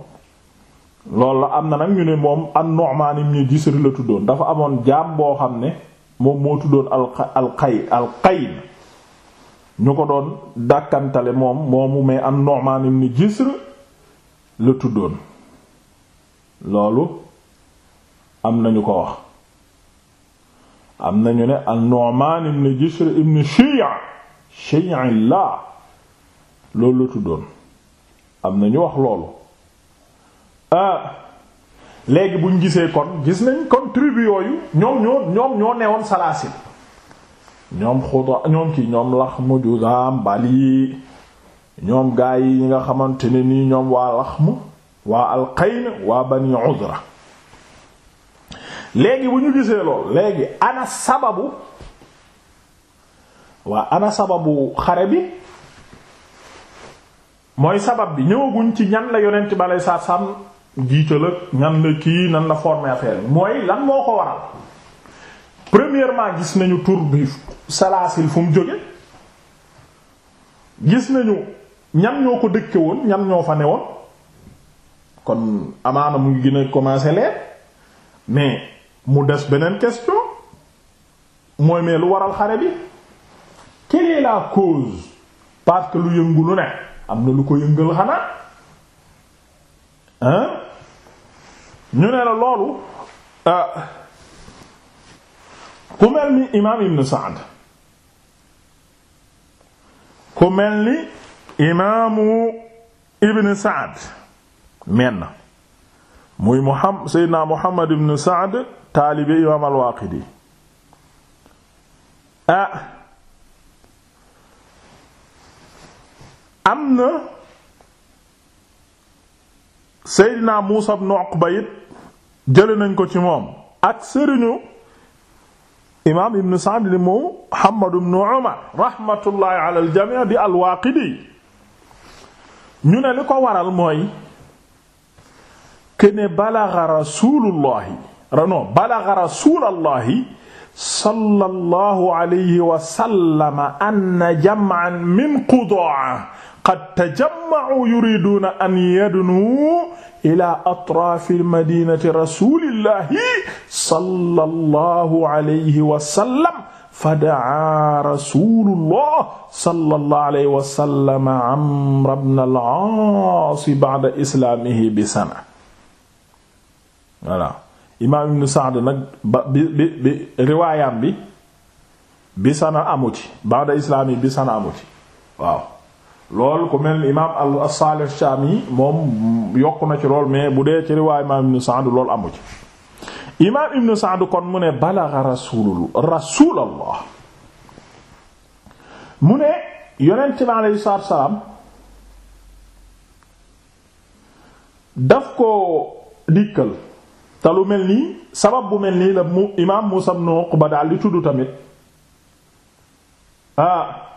loolu la am na nag ñu ne moom an-Nu'man ibn Jisr la tuddoon dafa amoon jaam boo xam ne moom moo tuddoon al-Qay al ñu ko doon dàkkantale moom mu mais an-Nu'man ibn Jisr la tuddoon loolu am nañu ko wax am nañu ne an-Nu'man ibn Jisr ibn Shay'a Shay'illah loolu la tuddoon am ñu wax loolu Ah, léegi buñ gisee kon gis nañ kon tribuo yooyu ñoom ñoo ñoo newoon salaasil ñoom xuda ñoom ci ñoom lax mu juzaam bali ñoom gaa yi ñi nga xamante ne nii ñoom waa lax mu waa alqayn waa bani uzra léegi bu gisee lool léegi ana sababu waa ana sababu xare bi mooy sabab bi ñëwaguñ ci ñan la yonent bi aleyhi salaatu salaam jiite la ñan la kii nan la formé affaire mooy lan moo ko waral premièrement gis nañu tur bi salaasil fu mu jóge gis nañu ñan ñoo ko dëkke woon ñan ñoo fa ne woon kon amaana mu ngi gën a commencer leer mais mu des beneen question mooy mais lu waral xare bi quelle la cause parce lu yëngu lu ne am na lu ko yëngal xanaa ñu ne la loolu euh, ku mel ni imaam ibn Sa'd ku mel ni imaamu ibn Sa'd menn muy Muhammad Seydina Muhammad ibn Sa'd taalibe imaam al-Waaqidi ah am na Seydina Muusa ibn Uqba it jële nañ ko ci moom ak sëriñu imaam ibn Sa'd li mu Muhammad ibn Umar rahmatullahi ala al-jami' di al-Waaqidi ñu ne li ko waral mooy kene balagha rasulullahi rano balagha rasulullahi sallallahu alayhi wa sallam anna jam'an min Qudaa qad tajammacu yuriduuna an yadnuu ila atraafi madinati rasulillahi sallallahu alayhi wa sallam fa dacaa rasulullah sallallahu alayhi wa sallam amra bna al-aas bacda islaamihi bi sana voilà imaam ibn Sa'd nag ba bi bi bi riwaayam bi bi sana amuti bacda islaamihi bi sana amuti waaw lool ku mel ni imaam as-Salih Shami moom yokk na ci lool mais bu dee ci riwaay imaam Ibn Sa'd lool amu ci. imaam Ibn Sa'd kon mu ne balagha rasulul rasulallah mu ne yonent bi aleyhi salaatu salaam daf ko dikkal te lu mel nii sabab bu mel nii la mu imaam Muusaa ibn Uqba daal di tudd tamit ah,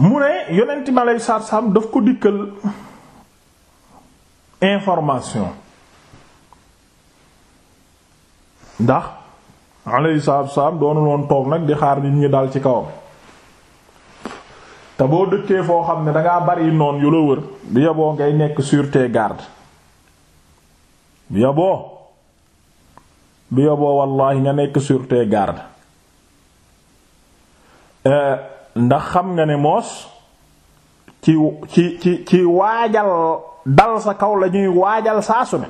mu ne yonent ma lay saar saam daf ko dikkal information ndax alayhi salaatu salaam doonu loon toog nag di xaar nit ñi daal ci kawam te boo dëkkee foo xam ne dangaa bari noon yu la wër bi yaboo ngay nekk surte garde bi yaboo bi yaboo nga nekk sûreté garde euh, ndax xam nga ne moos ci ci ci ci waajal dal sa kaw la ñuy waajal saasu ne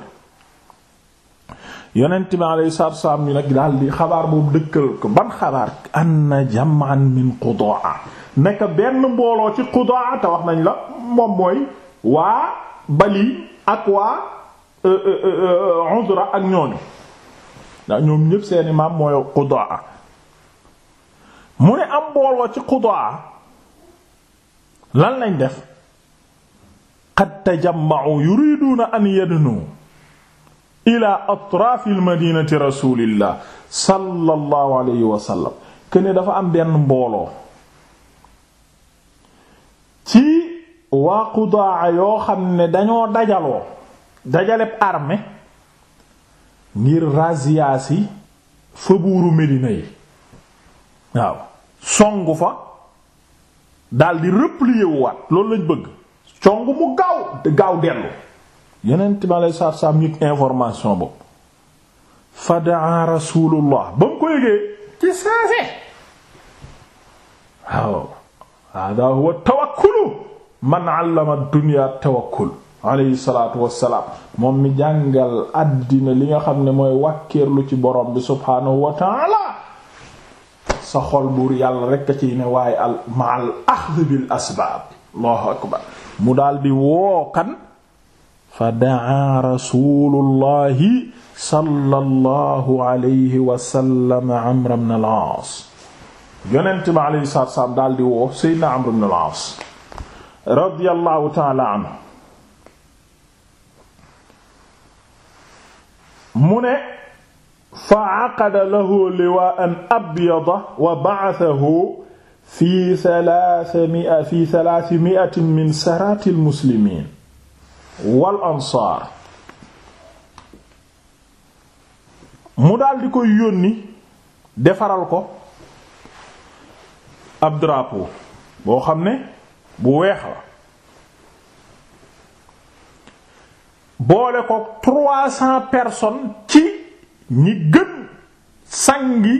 yonent bi alayhi salaatu wassalaam ñu nag daal di xabaar boobu dëkkal ko ban xabaar anna jam'an min Qudaa nekk benn mbooloo ci Qudaa te wax nañ la moom mooy waa Bali ak waa euh, euh, euh, Udra ak ñooñu ndax ñoom ñépp seen imaam mooy Qudaa mu ne am mbooloo ci Qudaa lan lañ def qad tajammacu yuriduuna an yadnu ila atraafi almadinati rasulillah sallallahu alayhi wa sallam kene dafa am benn mbooloo ci waa Qudaa yoo xam ne dañoo dajaloo dajaleb arme ngir razziya si fa Medina yi waaw songu fa daldi replier wu waat loolu lañ bëgg songu mu gaaw gaaw dellu yonent bi aleyhi salaatu salaam yëg information boobu fa daa rasulullah ba mu ko yëgee ci saase waaw hada huwa tawakkulu man allama dunya tawakkul aleyhi salaatu wassalaam moom mi jàngal àddina li nga xam ne mooy wàkkeerlu ci borom bi subhaanahu wa sa xol buur yàlla rekk a ciy ne waaye al maal axd bil asbaab allahu akbar mu daal di woo kan fa daa rasulullahi sallallahu alayhi wasallam amr ibn al aas yonent bi alayhi salaatu salaam daal di woo seydina amr ibn al aas radiyallahu taala anhu mu ne fa aqada lahu liwaan abyada wa ba'athahu fi salaasimi'a fi min saraatil muslimiin wal ansaar mu daldi koy yónni defaral ko ab drapeau boo xam ne bu weex la boole ko trois ci ñi gën sangi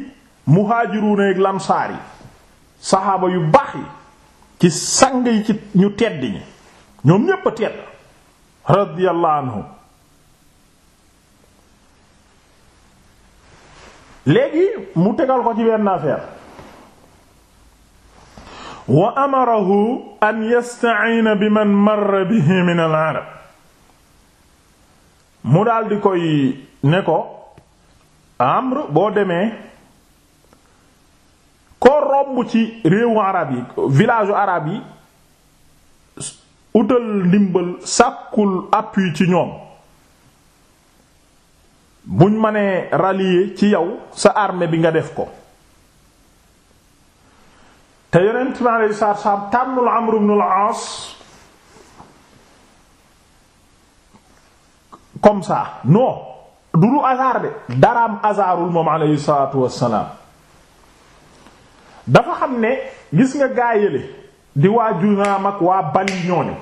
muhaajiruuna ak lamsaar yi saxaaba yu baax yi ci sang yi ci ñu tedd ñi ñoom ñépp tedd radiyallahu anhu léegi mu tegal ko ci benn affaire wa amarahu an yasta'ina bi man marra bihi min arab mu daldi koy ne ko amr boo demee koo romb ci réewu arab yi village arab yi utal ndimbal sàkkul appui ci ñoom buñ mënee rallier ci yow sa armée bi nga def ko te yonent mi alayhi salaatu wasalaam tànnul Amr ibn al-As comme ça non du lu hasard de daraam hasardul moom alayhi salaatu wassalaam dafa xam ne gis nga gaayale di waa Juzaam ak waa Bali ñooñu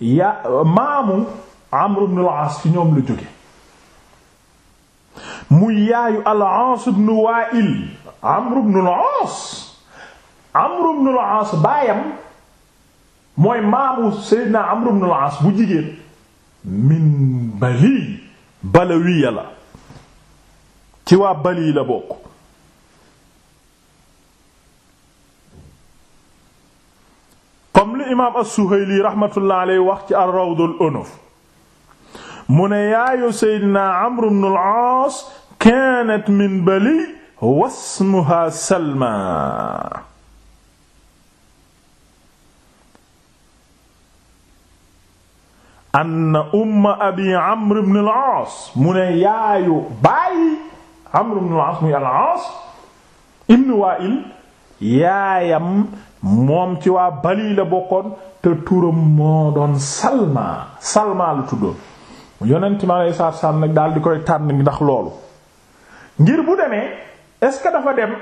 ya maamu Amr ibn al ci ñoom la jóge mu yaayu al-As ibn Wa'il Amr ibn al-As Amr ibn baayam mooy maamu Seydina Amr ibn al bu jigéen min bali balawiya la ci waa bali la bokk comme li imaam as-Suhayli rahmatullah alayhi wax ci ar-Rawdul Unuf mu ne yaayu Seydina Amr ibn al-Aas kaanat min bali wasmuha Salma anna umma abi amr ibn al mu ne yaayu bàyyi amr ibn al muy al-aas ibn wa'il yaayam moom ci waa bali la bokkoon te turam moo doon salma salma lu tuddoon yonent mi aleyhi salaatu salaam nag daal di koy tànn ndax loolu ngir bu demee est-ce que dafa dem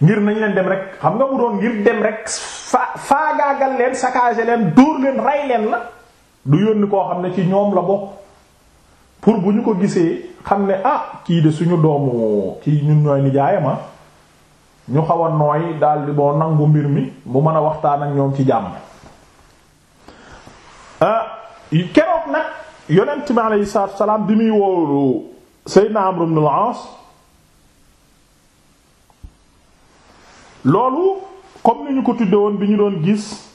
ngir nañ leen dem rek xam nga mu doon ngir dem rek fa faagaagal leen saccager leen dóor leen rey leen la du yónni koo xam ne ci ñoom la bokk pour bu ñu ko gisee xam ne ah kii de suñu doomu kii ñun ñooy nijaayam ah ñu xaw nooy daldi boo nangu mbir mi bu mën a waxtaan ak ñoom ci jàmm ah, keroog nag yonent bi aleyhi salaam bi muy wóolu Seydina Amr ibn al-Aas loolu comme ni ñu ko tudde woon bi ñu doon gis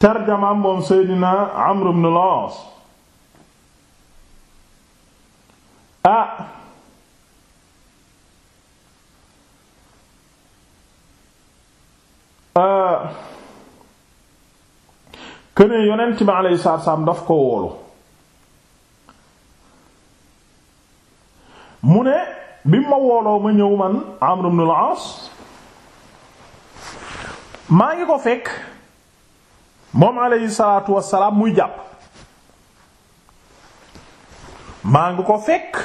tarjamaam moom Seydina Amr ibn al-As ah kënee yonent bi alayhi salaatu salaam daf ko woolu mu ne bi ma wooloo ma ñëw man Amr ibn al-As maa ngi ko fekk moom aleyhi salaatu wassalaam muy jàpp maa ngi ko fekk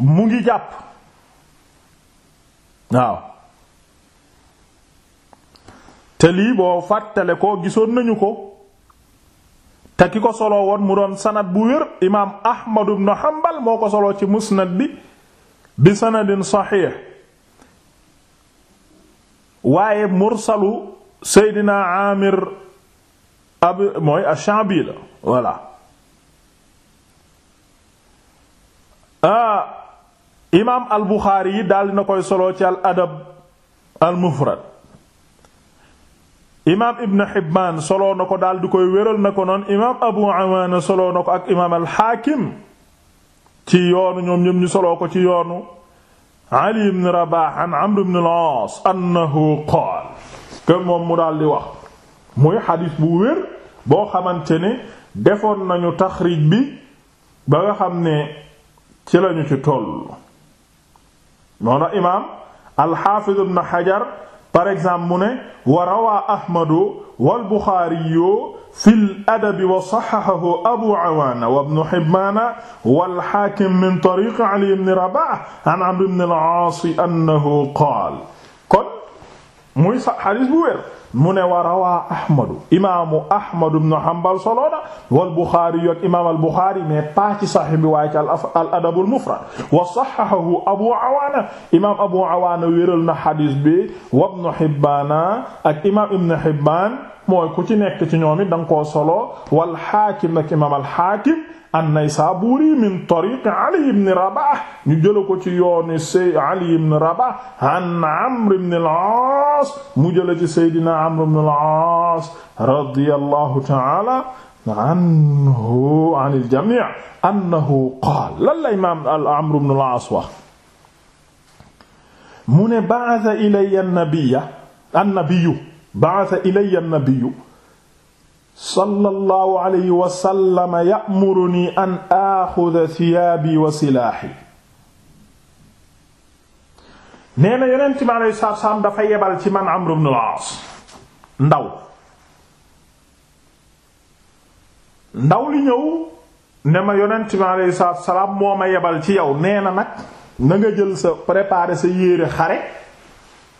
mu ngi jàpp waaw te lii boo fàttale ko gisoon nañu ko te ki ko soloo woon mu doon sanad bu wér imaam Ahmad ibn Hanbal moo ko soloo ci musnad bi bi sanadin saxiix waaye mursalu Seydina Amir abu mooy ash-Sha'bi la voilà ah, imaam al Buxaari yi daal koy solo ci al adab al mufrad imaam Ibn Hibbaan solo na ko daal koy wéral na ko noonu imaam Abu Awaana solo na ko ak imaam al Haakim ci yoonu ñoom ñoom ñu solo ko ci yoonu Ali ibn Rabaah an Amr ibn al-Aas annahu qaala moom mu daal wax. muy xadis bu wér boo xamante ne defoon nañu taxrij bi ba xam ne ci lañu ci toll noonu imaam alxaafiz ibn xajar par exemple mu ne wa rawaa ahmadu walbuxaariyu fi ladabi wa saxaxahu abu awaana wa bnu xibbaana walxaakim min tariqi ali bni rabah an amr bn al aas annahu qaal kon muy xadis bu mu ne wa rawaa ahmadu imaamu ahmadu ibnu hanbal soloona wal buxaari yu ak imaam al buxaari mais pas ci saxiix bi waaye ci al adabul mufrad wa saxxahahu abu awaana imaam abu awaana wéral na xadiis bi wa ibnu hibbaana ak imaam ibnu hibbaan mooy ku ci nekk ci ñoom it da nga koo solo wal xaakim ak imaam al xaakim an-Naysaburi min tariq Ali ibn Rabah ñu jële ko ci yooni say Ali ibn Rabah an Amr ibn al-As mu jële ci Seydina Amr ibn al-As radiyallahu ta'ala anhu an al-jami' annahu qaala lan la imaam Amr ibn al-As wax mu ne ba'atha ilayya an-nabiyyu an-nabiyyu ba'atha ilayya an-nabiyyu sallallahu alayhi wa sallam ya'muruni an aaxuda thiyaabi wa silaaxi nee na yonent mi alayhi salaatu dafa yebal ci man Amr ibn al-Aas ndaw ndaw li ñëw ne ma yonent mi alayhi salaatu salaam moo ma yebal ci yow nee na nag na nga jël sa préparer sa yére xare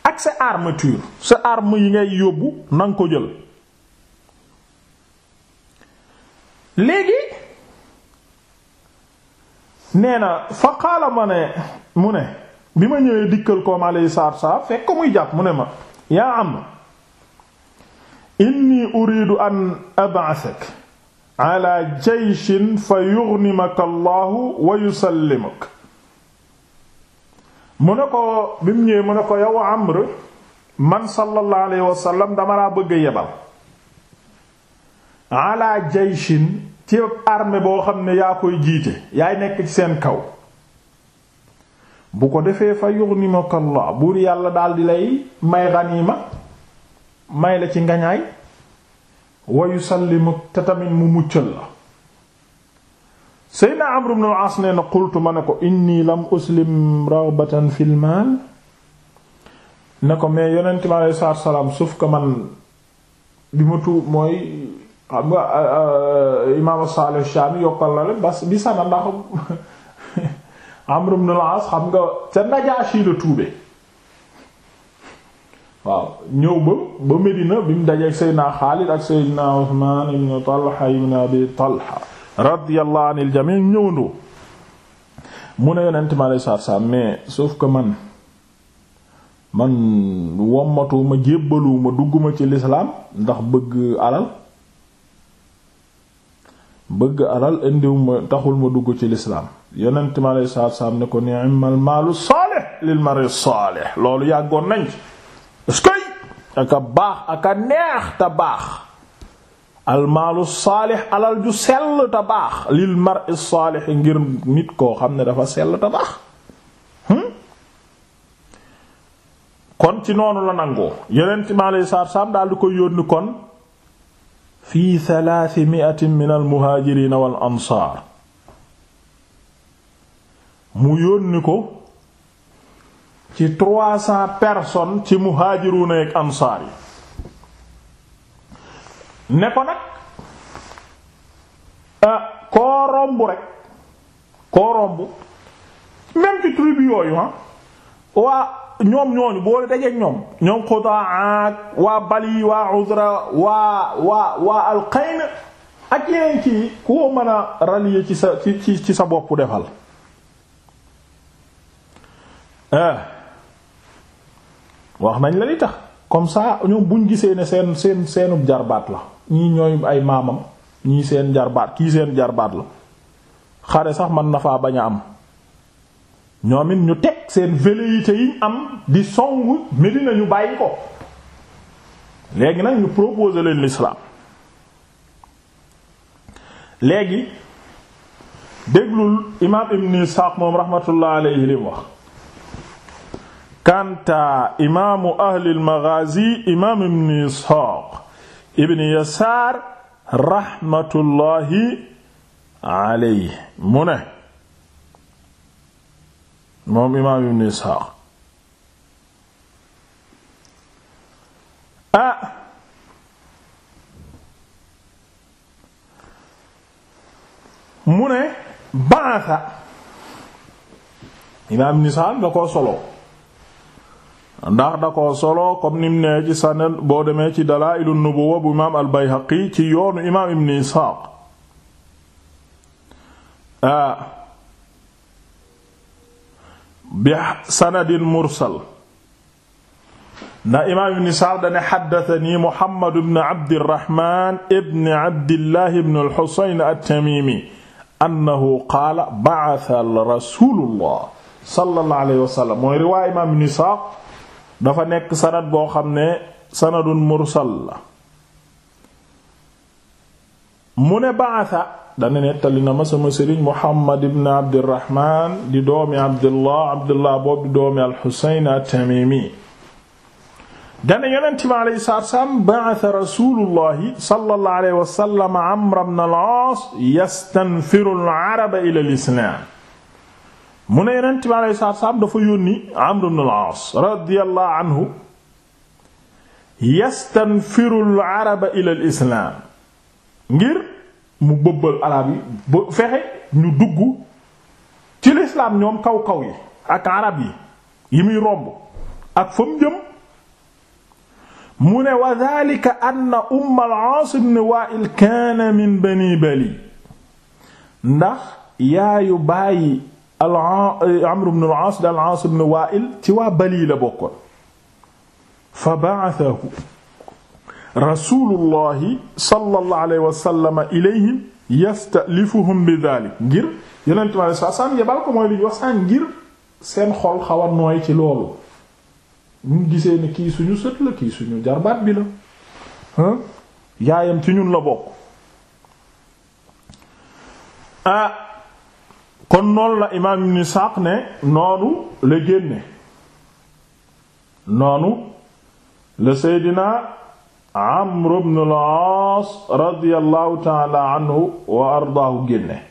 ak sa armature sa arme yi ngay yóbbu nanga nga ko jël léegi nee na fa qaala ne mu ne bi ma ñëwee dikkal koom alayhi salaatu salaam fekk ko muy jàpp mu ne ma yaa am inni uridu an ab'athak ala jayshin fa yughnimaka allahu wa yusallimuk mu ne ko bi mu ñëwee mu ne ko yow Amr man sallallahu alayhi wa sallam dama laa bëgg yebal ala jayshin ci armée boo xam ne yaa koy jiite yaay nekk ci seen kaw bu ko defee fa yughnimaka Allah buur yàlla daldi lay may ganiima may la ci ngañaay wa yusallimuk te tamit mu muccal la Seydina Amr ibn al-As nee na qultu ma ne ko inni lam uslim raghbatan fil ne ko mais yonent mi alayhi salaatu salaam suuf ko man bi ma tuub mooy xam nga euh, euh, imaam Saalih Shaami yokkal na leen bi sana ndax Amr ibn as xam nga ca Najaashi la tuube waaw ñëw ba ba Medina bi mu dajeek Seydina Xaalid ak Seydina Usmaan ibn Talha ibn Abi Talha radiyallahu anil jamii ñëwandoo mu ne yonent ma saar saar mais sauf que man man wommatuma jébbaluma dugguma ci lislaam ndax bëgg alal bëgg alal indiw ma taxul ma dugg ci lislaam yonent mi aleyhi salaatu salaam ne ko ni'mal maalu saalih lil mar'i saalih loolu yàggoon nañ eskay aka baax aka neex te baax al maalu alal ju sell te baax lil mar'i saalih ngir nit koo xam ne dafa sell te baax hmm? kon ci noonu la nangoo yonent mi aleyhi salaatu salaam daal di ko yónni kon fi thalathi miatin min almuhaajirina wal ansaar mu yónni ko ci trois cents person ci muhaajiruna ak ansaar yi ne ko nag ah, koo romb rek koo romb même ci tribu yooyu ha ah, waa ñoom ñooñu boo dajee ñoom ñoom Qudaa ak waa Bali waa Uzra waa waa waa ak yeneen ci koo mën a rallier ci sa ci sa bopp defal eh, wax nañ la li tax comme ça ñoom buñ gisee ne seen seen seenub jarbaat la ñii ñooy ay maamam ñii seen jarbaat kii seen jarbaat la xare sax man na bañ a am ñoom ñu teg seen velléité yiñ am di song Medina ñu bàyyi ko léegi nag ñu proposer leen l'islam léegi déglul imaam ibn Isaaq moom rahmatullah alayhi li wax kanta imaamu ahli al-maghazi imaam ibn Isaaq ibn Yasaar rahmatullahi alayhi mu ne moom imaam ibn Isxaaq ah mu ne baasa imaam ibn Isxaaq da koo solo ndax da koo solo comme nim nee ci sanad boo demee ci Dalaa'ilu Nubuwwa bu imaam al-Bayhaqi ci yoonu imaam ibn Isxaaq ah bi sanadin mursal na imaam ibn Sa'd dane xaddatani Muhammad ibn Abdirrahman ibn Abdillah ibn al-Husayn at-Tamimi annahu qaala ba'atha rasulullah sallallahu alayhi wa sallam mooy riwaay imaam ibn Sa'd dafa nekk sanad boo xam ne sanadun mursal la mu ne ba'atha dana nettali na ma sama sëriñ Muhammad ibn Abdirahman di doomi Abdullah Abdullah boobu di doomi al-Husayn at-Tamimi dana yonent bi alayhi salaatu wassalaam ba'atha rasuulullahi sallallahu alayhi wa sallam Amr ibn al-Aas yastanfiru al-araba ila al-islaam mu ne yonent bi alayhi salaatu wassalaam dafa yónni Amr ibn al-Aas radiyallahu anhu yastanfiru al-araba ila al-islaam ngir mu bëbbal arab yi ba fexe ñu dugg ci lislaam ñoom kaw kaw yi ak arab yi yi muy romb ak fa mu jëm mu ne wa dhalika anna umm al-aas ibn wa'il kaana min bani bali ndax yaayu bàyyi amr ibn al-aas da al-aas ibn wa'il ci waa bali la bokkoon fa ba'athahu rasulullahi sallallahu alayhi wa sallam ilayhim yastalifuhum bi daalik ngir yonent mi alayhi salaam yebal ko mooy li ñu wax saan ngir seen xol xaw nooy ci loolu ñun gisee ne kii suñu sët la kii suñu jarbaat bi la yaayam ci ñun la bokk ah, kon noonu la imaam ibn Isaaq ne noonu la génne noonu la Seydina Amr ibn aas radiyallahu taala anhu wa ardaahu génne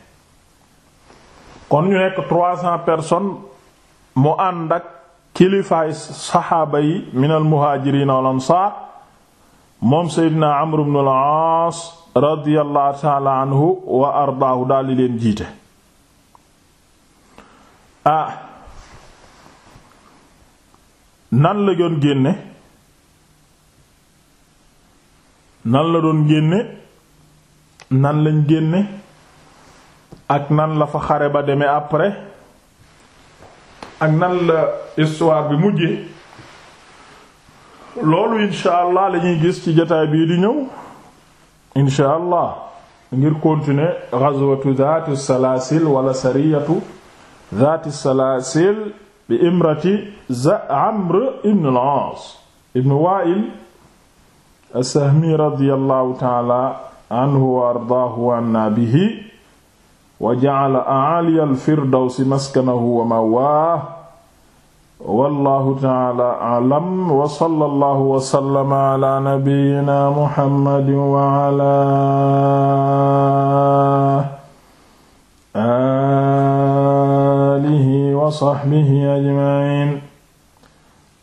kon ñu nekk person mu ànd ak kilifaay saxaaba min al wal ansaar moom Seydina Amr ibn al-Aas radiyallahu taala anhu wa ardaahu daldi leen jiite ah nan la doon génne nan la doon génne nan lañ génne ak nan la fa xare ba demee après ak nan la histoire bi mujjee loolu insha allah lañuy gis ci jotaay bii di ñëw insha allah ngir continuer ghazwatu zaatu salaasil wala sariyatu zaatu salaasil bi imrati za amr ibn al-aas as-Sahmi radiyallahu taala anhu wa ardaahu wa anna bihi wa ja'ala a'ali al-firdawsi maskanahu wa mawaahu wallahu taala a'lam wa sallallahu wa sallama ala nabiyyina Muhammadin wa ala alihi wa sahbihi ajma'in